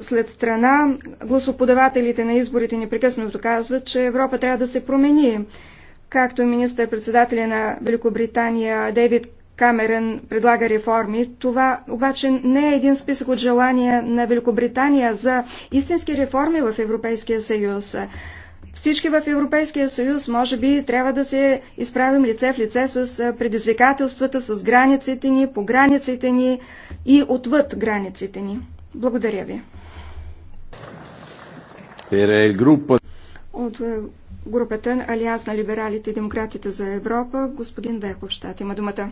след страна. Гласоподавателите на изборите непрекъснато казват, че Европа трябва да се промени. Както министър-председателя на Великобритания Дейвид Камерен предлага реформи, това обаче не е един списък от желания на Великобритания за истински реформи в Европейския съюз. Всички в Европейския съюз, може би, трябва да се изправим лице в лице с предизвикателствата, с границите ни, по границите ни и отвъд границите ни. Благодаря ви. Е От групата Алианс на либералите и демократите за Европа, господин Веков, щат има думата.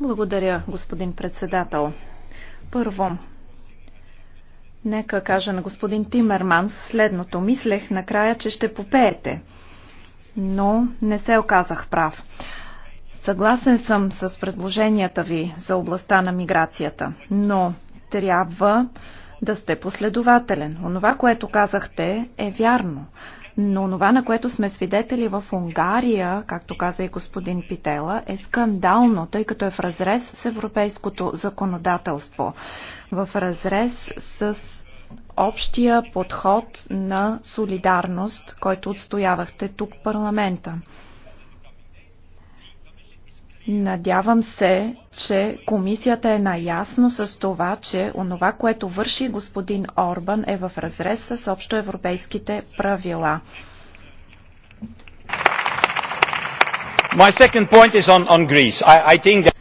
Благодаря, господин председател. Първо, Нека кажа на господин Тимерманс следното. Мислех накрая, че ще попеете, но не се оказах прав. Съгласен съм с предложенията ви за областта на миграцията, но трябва да сте последователен. Онова, което казахте, е вярно. Но това, на което сме свидетели в Унгария, както каза и господин Питела, е скандално, тъй като е в разрез с европейското законодателство. В разрез с общия подход на солидарност, който отстоявахте тук в парламента. Надявам се, че комисията е наясно с това, че онова, което върши господин Орбан е в разрез с общоевропейските правила. My second point is on, on Greece. I, I think that...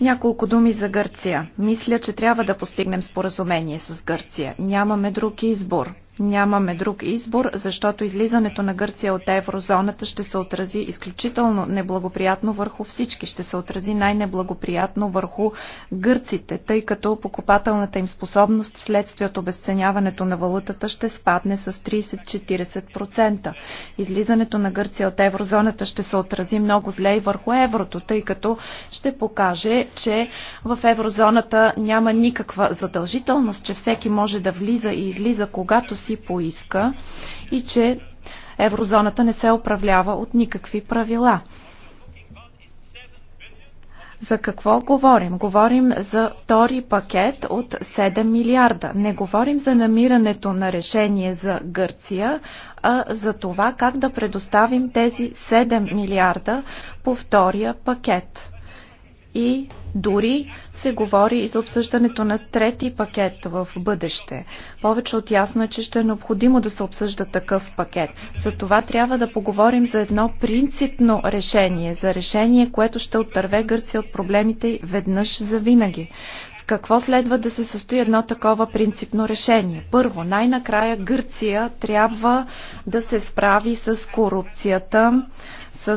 Няколко думи за Гърция. Мисля, че трябва да постигнем споразумение с Гърция. Нямаме друг избор. Нямаме друг избор, защото излизането на Гърция от еврозоната ще се отрази изключително неблагоприятно върху всички. Ще се отрази най-неблагоприятно върху гърците, тъй като покупателната им способност вследствие от обесценяването на валутата ще спадне с 30-40%. Излизането на Гърция от еврозоната ще се отрази много зле и върху еврото, тъй като ще покаже, че в еврозоната няма никаква задължителност, че всеки може да влиза и излиза когато си си поиска и че еврозоната не се управлява от никакви правила. За какво говорим? Говорим за втори пакет от 7 милиарда. Не говорим за намирането на решение за Гърция, а за това как да предоставим тези 7 милиарда по втория пакет и дори се говори и за обсъждането на трети пакет в бъдеще. Повече от ясно е, че ще е необходимо да се обсъжда такъв пакет. За това трябва да поговорим за едно принципно решение, за решение, което ще оттърве Гърция от проблемите веднъж за винаги. В какво следва да се състои едно такова принципно решение? Първо, най-накрая Гърция трябва да се справи с корупцията, с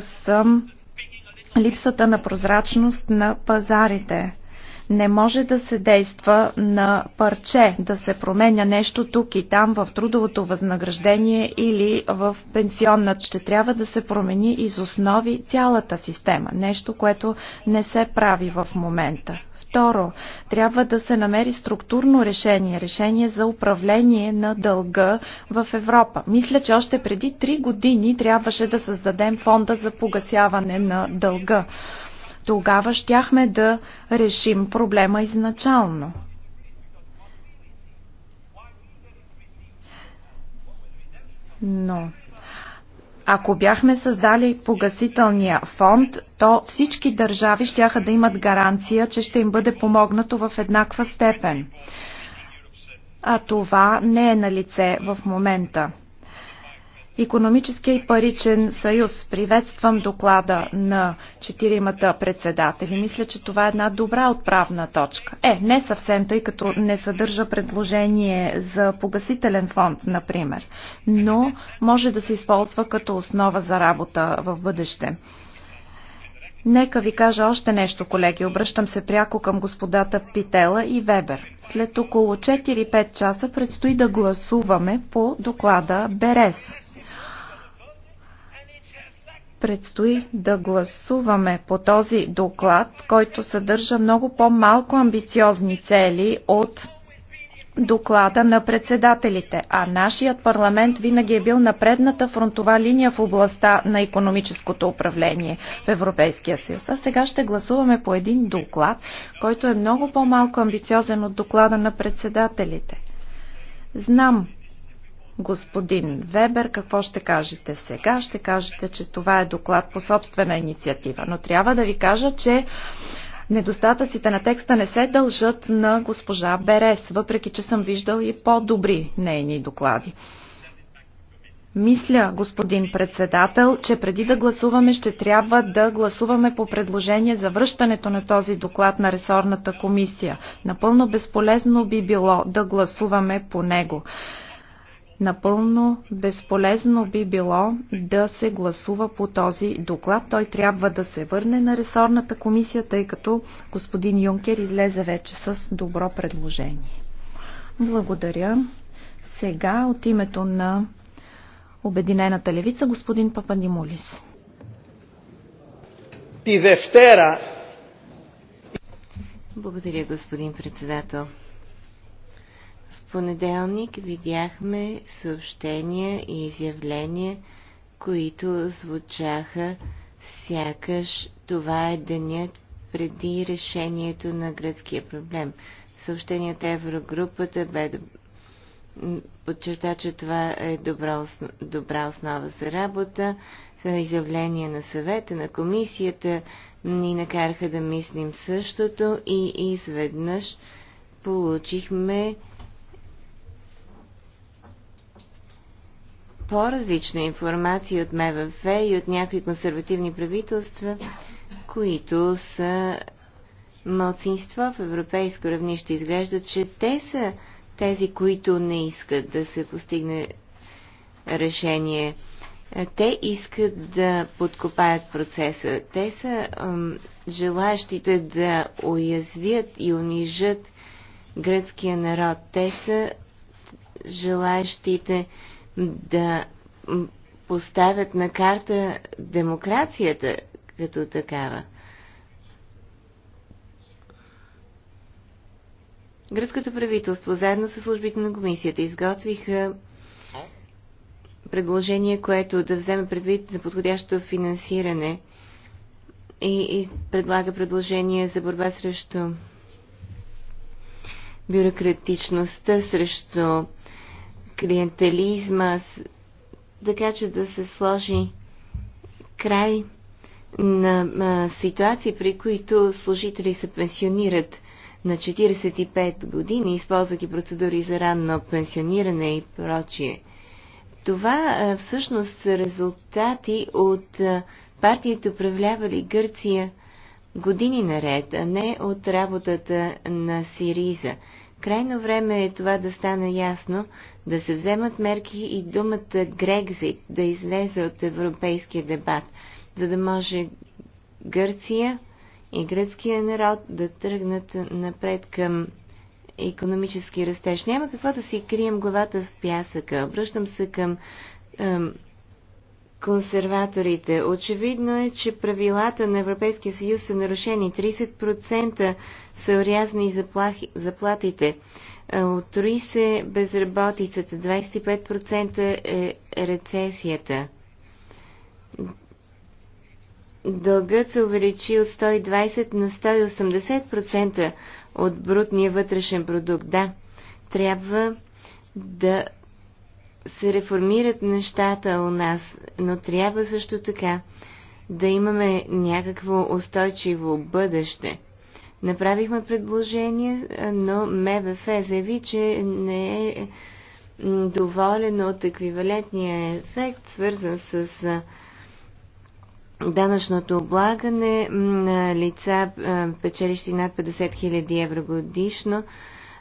липсата на прозрачност на пазарите. Не може да се действа на парче, да се променя нещо тук и там в трудовото възнаграждение или в пенсионната. Ще трябва да се промени из основи цялата система. Нещо, което не се прави в момента. Второ, трябва да се намери структурно решение, решение за управление на дълга в Европа. Мисля, че още преди три години трябваше да създадем фонда за погасяване на дълга. Тогава щяхме да решим проблема изначално. Но ако бяхме създали погасителния фонд, то всички държави щяха да имат гаранция, че ще им бъде помогнато в еднаква степен. А това не е на лице в момента. Економическия и паричен съюз. Приветствам доклада на четиримата председатели. Мисля, че това е една добра отправна точка. Е, не съвсем, тъй като не съдържа предложение за погасителен фонд, например, но може да се използва като основа за работа в бъдеще. Нека ви кажа още нещо, колеги. Обръщам се пряко към господата Питела и Вебер. След около 4-5 часа предстои да гласуваме по доклада Берес предстои да гласуваме по този доклад, който съдържа много по-малко амбициозни цели от доклада на председателите, а нашият парламент винаги е бил на предната фронтова линия в областта на економическото управление в Европейския съюз. А сега ще гласуваме по един доклад, който е много по-малко амбициозен от доклада на председателите. Знам, господин Вебер, какво ще кажете сега? Ще кажете, че това е доклад по собствена инициатива, но трябва да ви кажа, че недостатъците на текста не се дължат на госпожа Берес, въпреки че съм виждал и по-добри нейни доклади. Мисля, господин председател, че преди да гласуваме, ще трябва да гласуваме по предложение за връщането на този доклад на ресорната комисия. Напълно безполезно би било да гласуваме по него. Напълно безполезно би било да се гласува по този доклад. Той трябва да се върне на ресорната комисия, тъй като господин Юнкер излезе вече с добро предложение. Благодаря. Сега от името на Обединената левица господин Пападимулис. Ти Дефтера. Благодаря, господин председател понеделник видяхме съобщения и изявления, които звучаха сякаш това е денят преди решението на гръцкия проблем. Съобщението Еврогрупата бе подчерта, че това е добра, основ... добра основа за работа. Изявления на съвета, на комисията ни накараха да мислим същото и изведнъж получихме по-различна информация от МВФ и от някои консервативни правителства, които са мълцинство в европейско равнище. Изглежда, че те са тези, които не искат да се постигне решение. Те искат да подкопаят процеса. Те са ам, желащите да уязвят и унижат гръцкия народ. Те са желащите да поставят на карта демокрацията като такава. Гръцкото правителство, заедно с службите на комисията, изготвиха предложение, което да вземе предвид на подходящо финансиране и, и предлага предложение за борба срещу бюрократичността, срещу клиентелизма, така че да се сложи край на ситуации, при които служители се пенсионират на 45 години, използвайки процедури за ранно пенсиониране и прочие. Това всъщност са резултати от партията управлявали Гърция години наред, а не от работата на Сириза. Крайно време е това да стане ясно, да се вземат мерки и думата Грекзит да излезе от европейския дебат, за да може Гърция и гръцкия народ да тръгнат напред към економически растеж. Няма какво да си крием главата в пясъка. Обръщам се към ем, консерваторите. Очевидно е, че правилата на Европейския съюз са нарушени. 30% са рязни заплахи, заплатите. Е, отруи се безработицата, 25% е рецесията. Дългът се увеличи от 120 на 180% от брутния вътрешен продукт. Да, трябва да се реформират нещата у нас, но трябва също така да имаме някакво устойчиво бъдеще. Направихме предложение, но МВФ заяви, че не е доволен от еквивалентния ефект, свързан с данъчното облагане на лица, печелищи над 50 000 евро годишно,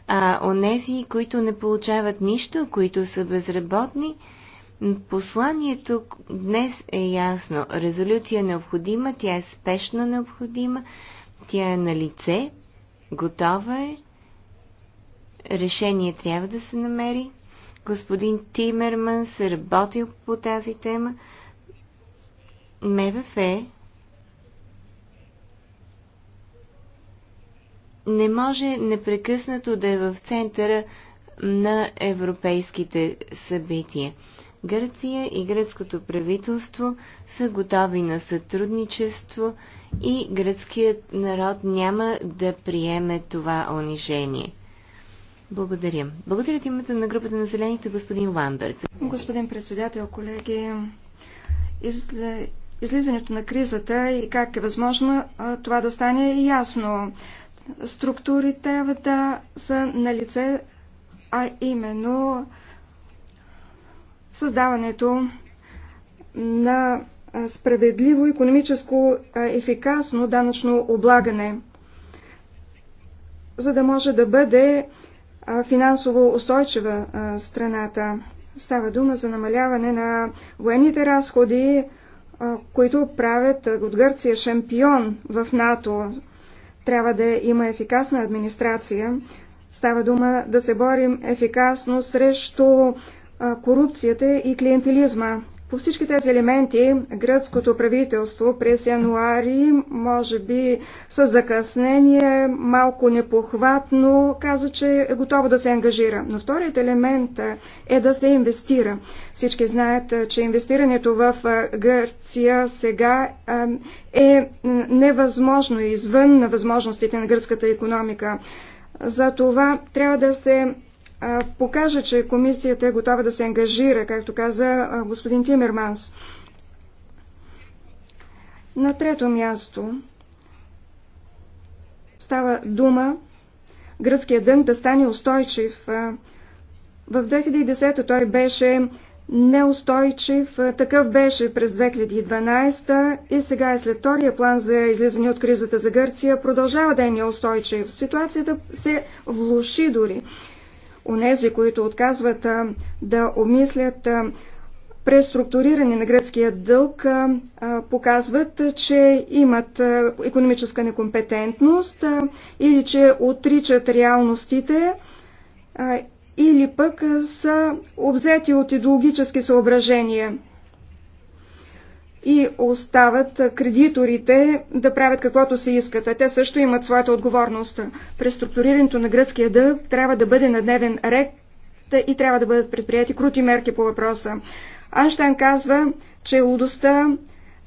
а онези, които не получават нищо, които са безработни, посланието днес е ясно. Резолюция е необходима, тя е спешно необходима тя е на лице, готова е, решение трябва да се намери. Господин Тимерман се работил по тази тема. МВФ не може непрекъснато да е в центъра на европейските събития. Гърция и гръцкото правителство са готови на сътрудничество и гръцкият народ няма да приеме това унижение. Благодаря. Благодаря от името на групата на зелените, господин Ламберт. Господин председател, колеги, излизането на кризата и как е възможно това да стане е ясно. Структури трябва да са на лице, а именно създаването на справедливо, економическо, ефикасно данъчно облагане, за да може да бъде финансово устойчива страната. Става дума за намаляване на военните разходи, които правят от Гърция шампион в НАТО. Трябва да има ефикасна администрация. Става дума да се борим ефикасно срещу корупцията и клиентилизма. По всички тези елементи гръцкото правителство през януари, може би с закъснение, малко непохватно, каза, че е готово да се ангажира. Но вторият елемент е да се инвестира. Всички знаят, че инвестирането в Гърция сега е невъзможно извън на възможностите на гръцката економика. За това трябва да се покаже, че комисията е готова да се ангажира, както каза господин Тимерманс. На трето място става дума гръцкият дън да стане устойчив. В 2010 той беше неустойчив, такъв беше през 2012 и сега е след втория план за излизане от кризата за Гърция продължава да е неустойчив. Ситуацията се влуши дори онези, които отказват да обмислят преструктуриране на гръцкия дълг показват, че имат економическа некомпетентност или че отричат реалностите или пък са обзети от идеологически съображения и остават кредиторите да правят каквото се искат. А те също имат своята отговорност. Преструктурирането на гръцкия дълг трябва да бъде на дневен ред и трябва да бъдат предприяти крути мерки по въпроса. Анштайн казва, че лудостта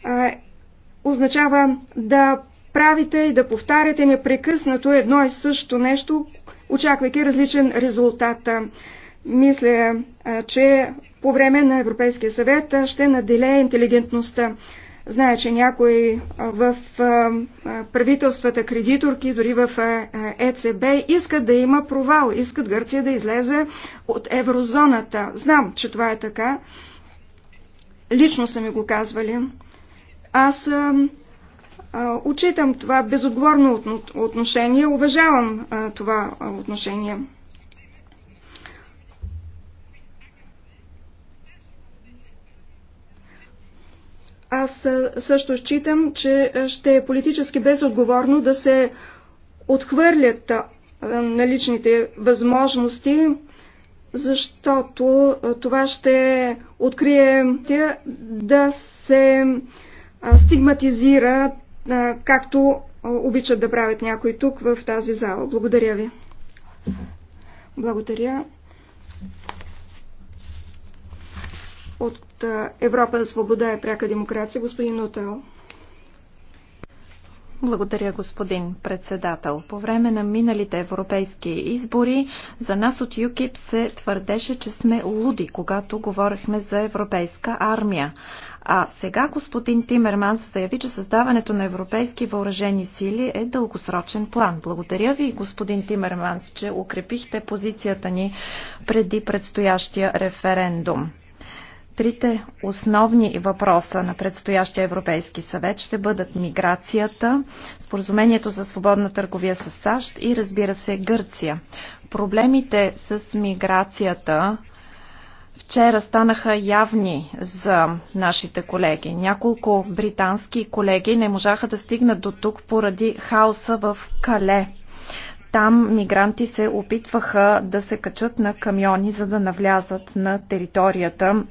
а, означава да правите и да повтаряте непрекъснато едно и също нещо, очаквайки различен резултат. Мисля, че по време на Европейския съвет ще наделее интелигентността. Знае, че някои в правителствата, кредиторки, дори в ЕЦБ, искат да има провал, искат Гърция да излезе от еврозоната. Знам, че това е така. Лично са ми го казвали. Аз Отчитам това безотговорно отношение, уважавам това отношение. Аз също считам, че ще е политически безотговорно да се отхвърлят наличните възможности, защото това ще открие да се стигматизира, както обичат да правят някой тук в тази зала. Благодаря ви. Благодаря. От Европа за свобода и пряка демокрация, господин Нотел. Благодаря, господин председател. По време на миналите европейски избори за нас от ЮКИП се твърдеше, че сме луди, когато говорихме за европейска армия. А сега господин Тимерманс заяви, че създаването на европейски въоръжени сили е дългосрочен план. Благодаря ви, господин Тимерманс, че укрепихте позицията ни преди предстоящия референдум. Трите основни въпроса на предстоящия Европейски съвет ще бъдат миграцията, споразумението за свободна търговия с САЩ и разбира се Гърция. Проблемите с миграцията вчера станаха явни за нашите колеги. Няколко британски колеги не можаха да стигнат до тук поради хаоса в Кале. Там мигранти се опитваха да се качат на камиони, за да навлязат на територията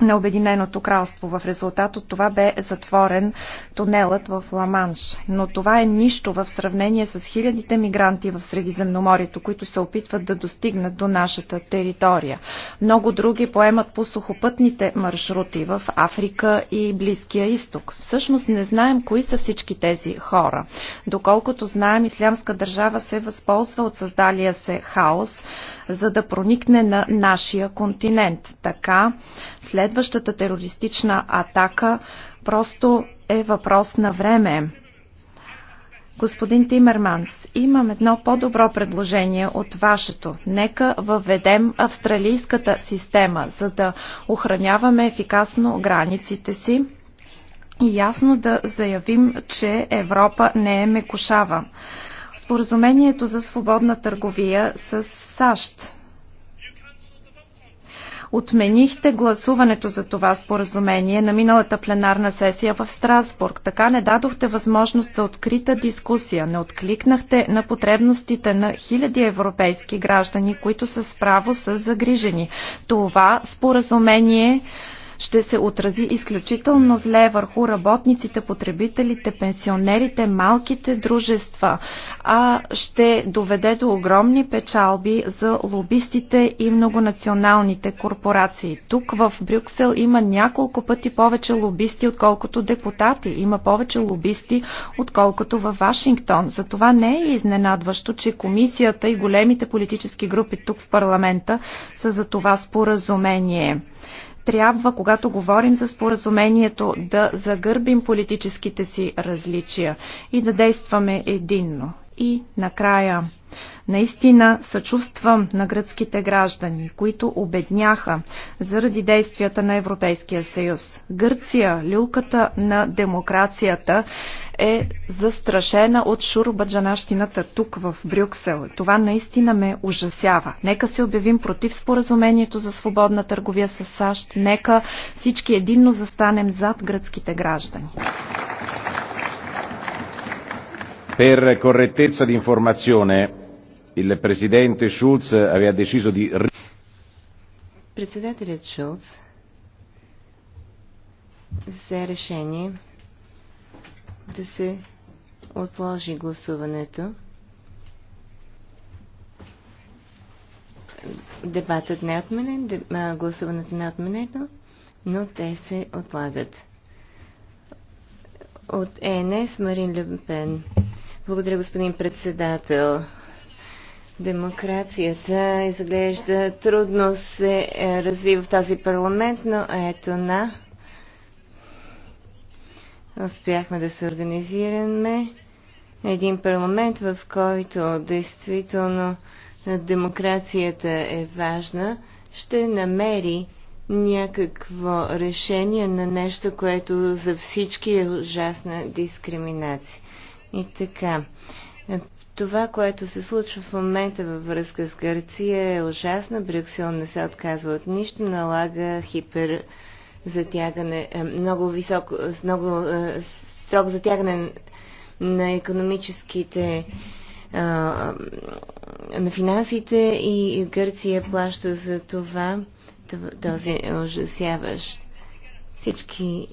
на Обединеното кралство. В резултат от това бе затворен тунелът в Ламанш. Но това е нищо в сравнение с хилядите мигранти в Средиземноморието, които се опитват да достигнат до нашата територия. Много други поемат по сухопътните маршрути в Африка и Близкия изток. Всъщност не знаем кои са всички тези хора. Доколкото знаем, Ислямска държава се възползва от създалия се хаос за да проникне на нашия континент. Така следващата терористична атака просто е въпрос на време. Господин Тимерманс, имам едно по-добро предложение от вашето. Нека въведем австралийската система, за да охраняваме ефикасно границите си и ясно да заявим, че Европа не е мекушава споразумението за свободна търговия с САЩ. Отменихте гласуването за това споразумение на миналата пленарна сесия в Страсбург. Така не дадохте възможност за открита дискусия. Не откликнахте на потребностите на хиляди европейски граждани, които с право са загрижени. Това споразумение ще се отрази изключително зле върху работниците, потребителите, пенсионерите, малките дружества, а ще доведе до огромни печалби за лобистите и многонационалните корпорации. Тук в Брюксел има няколко пъти повече лобисти, отколкото депутати. Има повече лобисти, отколкото във Вашингтон. Затова не е изненадващо, че комисията и големите политически групи тук в парламента са за това споразумение трябва, когато говорим за споразумението, да загърбим политическите си различия и да действаме единно. И накрая Наистина съчувствам на гръцките граждани, които обедняха заради действията на Европейския съюз. Гърция, люлката на демокрацията, е застрашена от шурбаджанащината тук в Брюксел. Това наистина ме ужасява. Нека се обявим против споразумението за свободна търговия с САЩ. Нека всички единно застанем зад гръцките граждани. Per correttezza di informazione, Il presidente Schulz aveva deciso di... Председателят Шулц взе решение да се отложи гласуването. Дебатът не е отменен, гласуването не е отменено, но те се отлагат. От ЕНС Марин Люпен. Благодаря, господин председател. Демокрацията изглежда трудно се е, развива в този парламент, но ето на. Успяхме да се организираме. Един парламент, в който действително демокрацията е важна, ще намери някакво решение на нещо, което за всички е ужасна дискриминация. И така. Това, което се случва в момента във връзка с Гърция е ужасно. Брюксел не се отказва от нищо, налага хипер затягане, е, много високо, много е, строго затягане на економическите е, на финансите и Гърция плаща за това този ужасяваш. Всички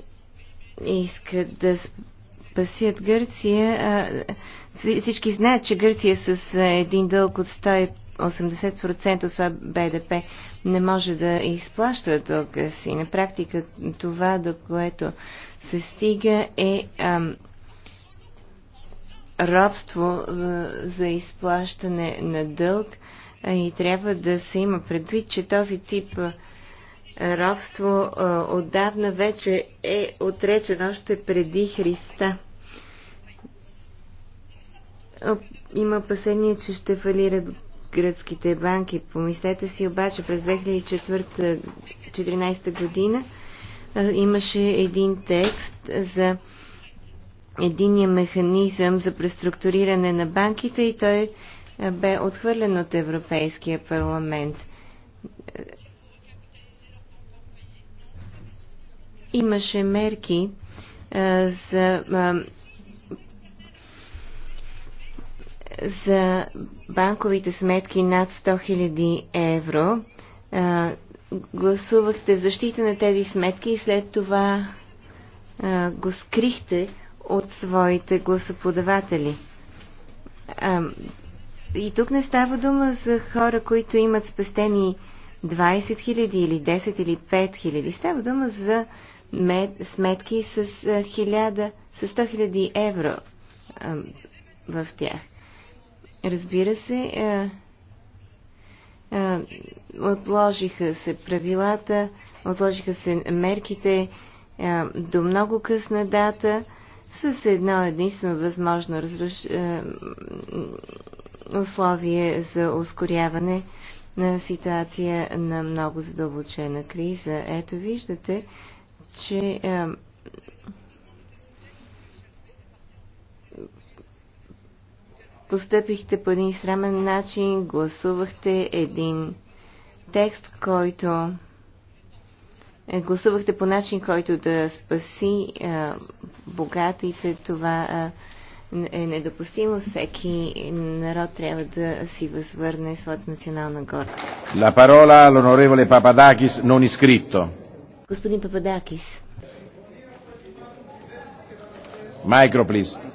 искат да спасят Гърция, а всички знаят, че Гърция с е, един дълг от 180% от своя БДП не може да изплаща дълга си. На практика това, до което се стига е ам, робство а, е, за изплащане на дълг а, и трябва да се има предвид, че този тип а, е, робство а, отдавна вече е отречен още преди Христа има опасение, че ще фалират гръцките банки. Помислете си обаче, през 2014 година имаше един текст за единия механизъм за преструктуриране на банките и той бе отхвърлен от Европейския парламент. Имаше мерки за за банковите сметки над 100 000 евро. А, гласувахте в защита на тези сметки и след това а, го скрихте от своите гласоподаватели. А, и тук не става дума за хора, които имат спестени 20 000 или 10 или 5 000. Става дума за сметки с, 1000, с 100 000 евро а, в тях. Разбира се, а, е, а, е, отложиха се правилата, отложиха се мерките а, е, до много късна дата с едно единствено възможно разруш... условие за ускоряване на ситуация на много задълбочена криза. Ето виждате, че постъпихте по един срамен начин, гласувахте един текст, който е, гласувахте по начин, който да спаси а, е, богатите. Това е, е недопустимо. Всеки народ трябва да си възвърне своята национална гордост. La parola all'onorevole Papadakis non iscritto. Господин Пападакис. Micro, please.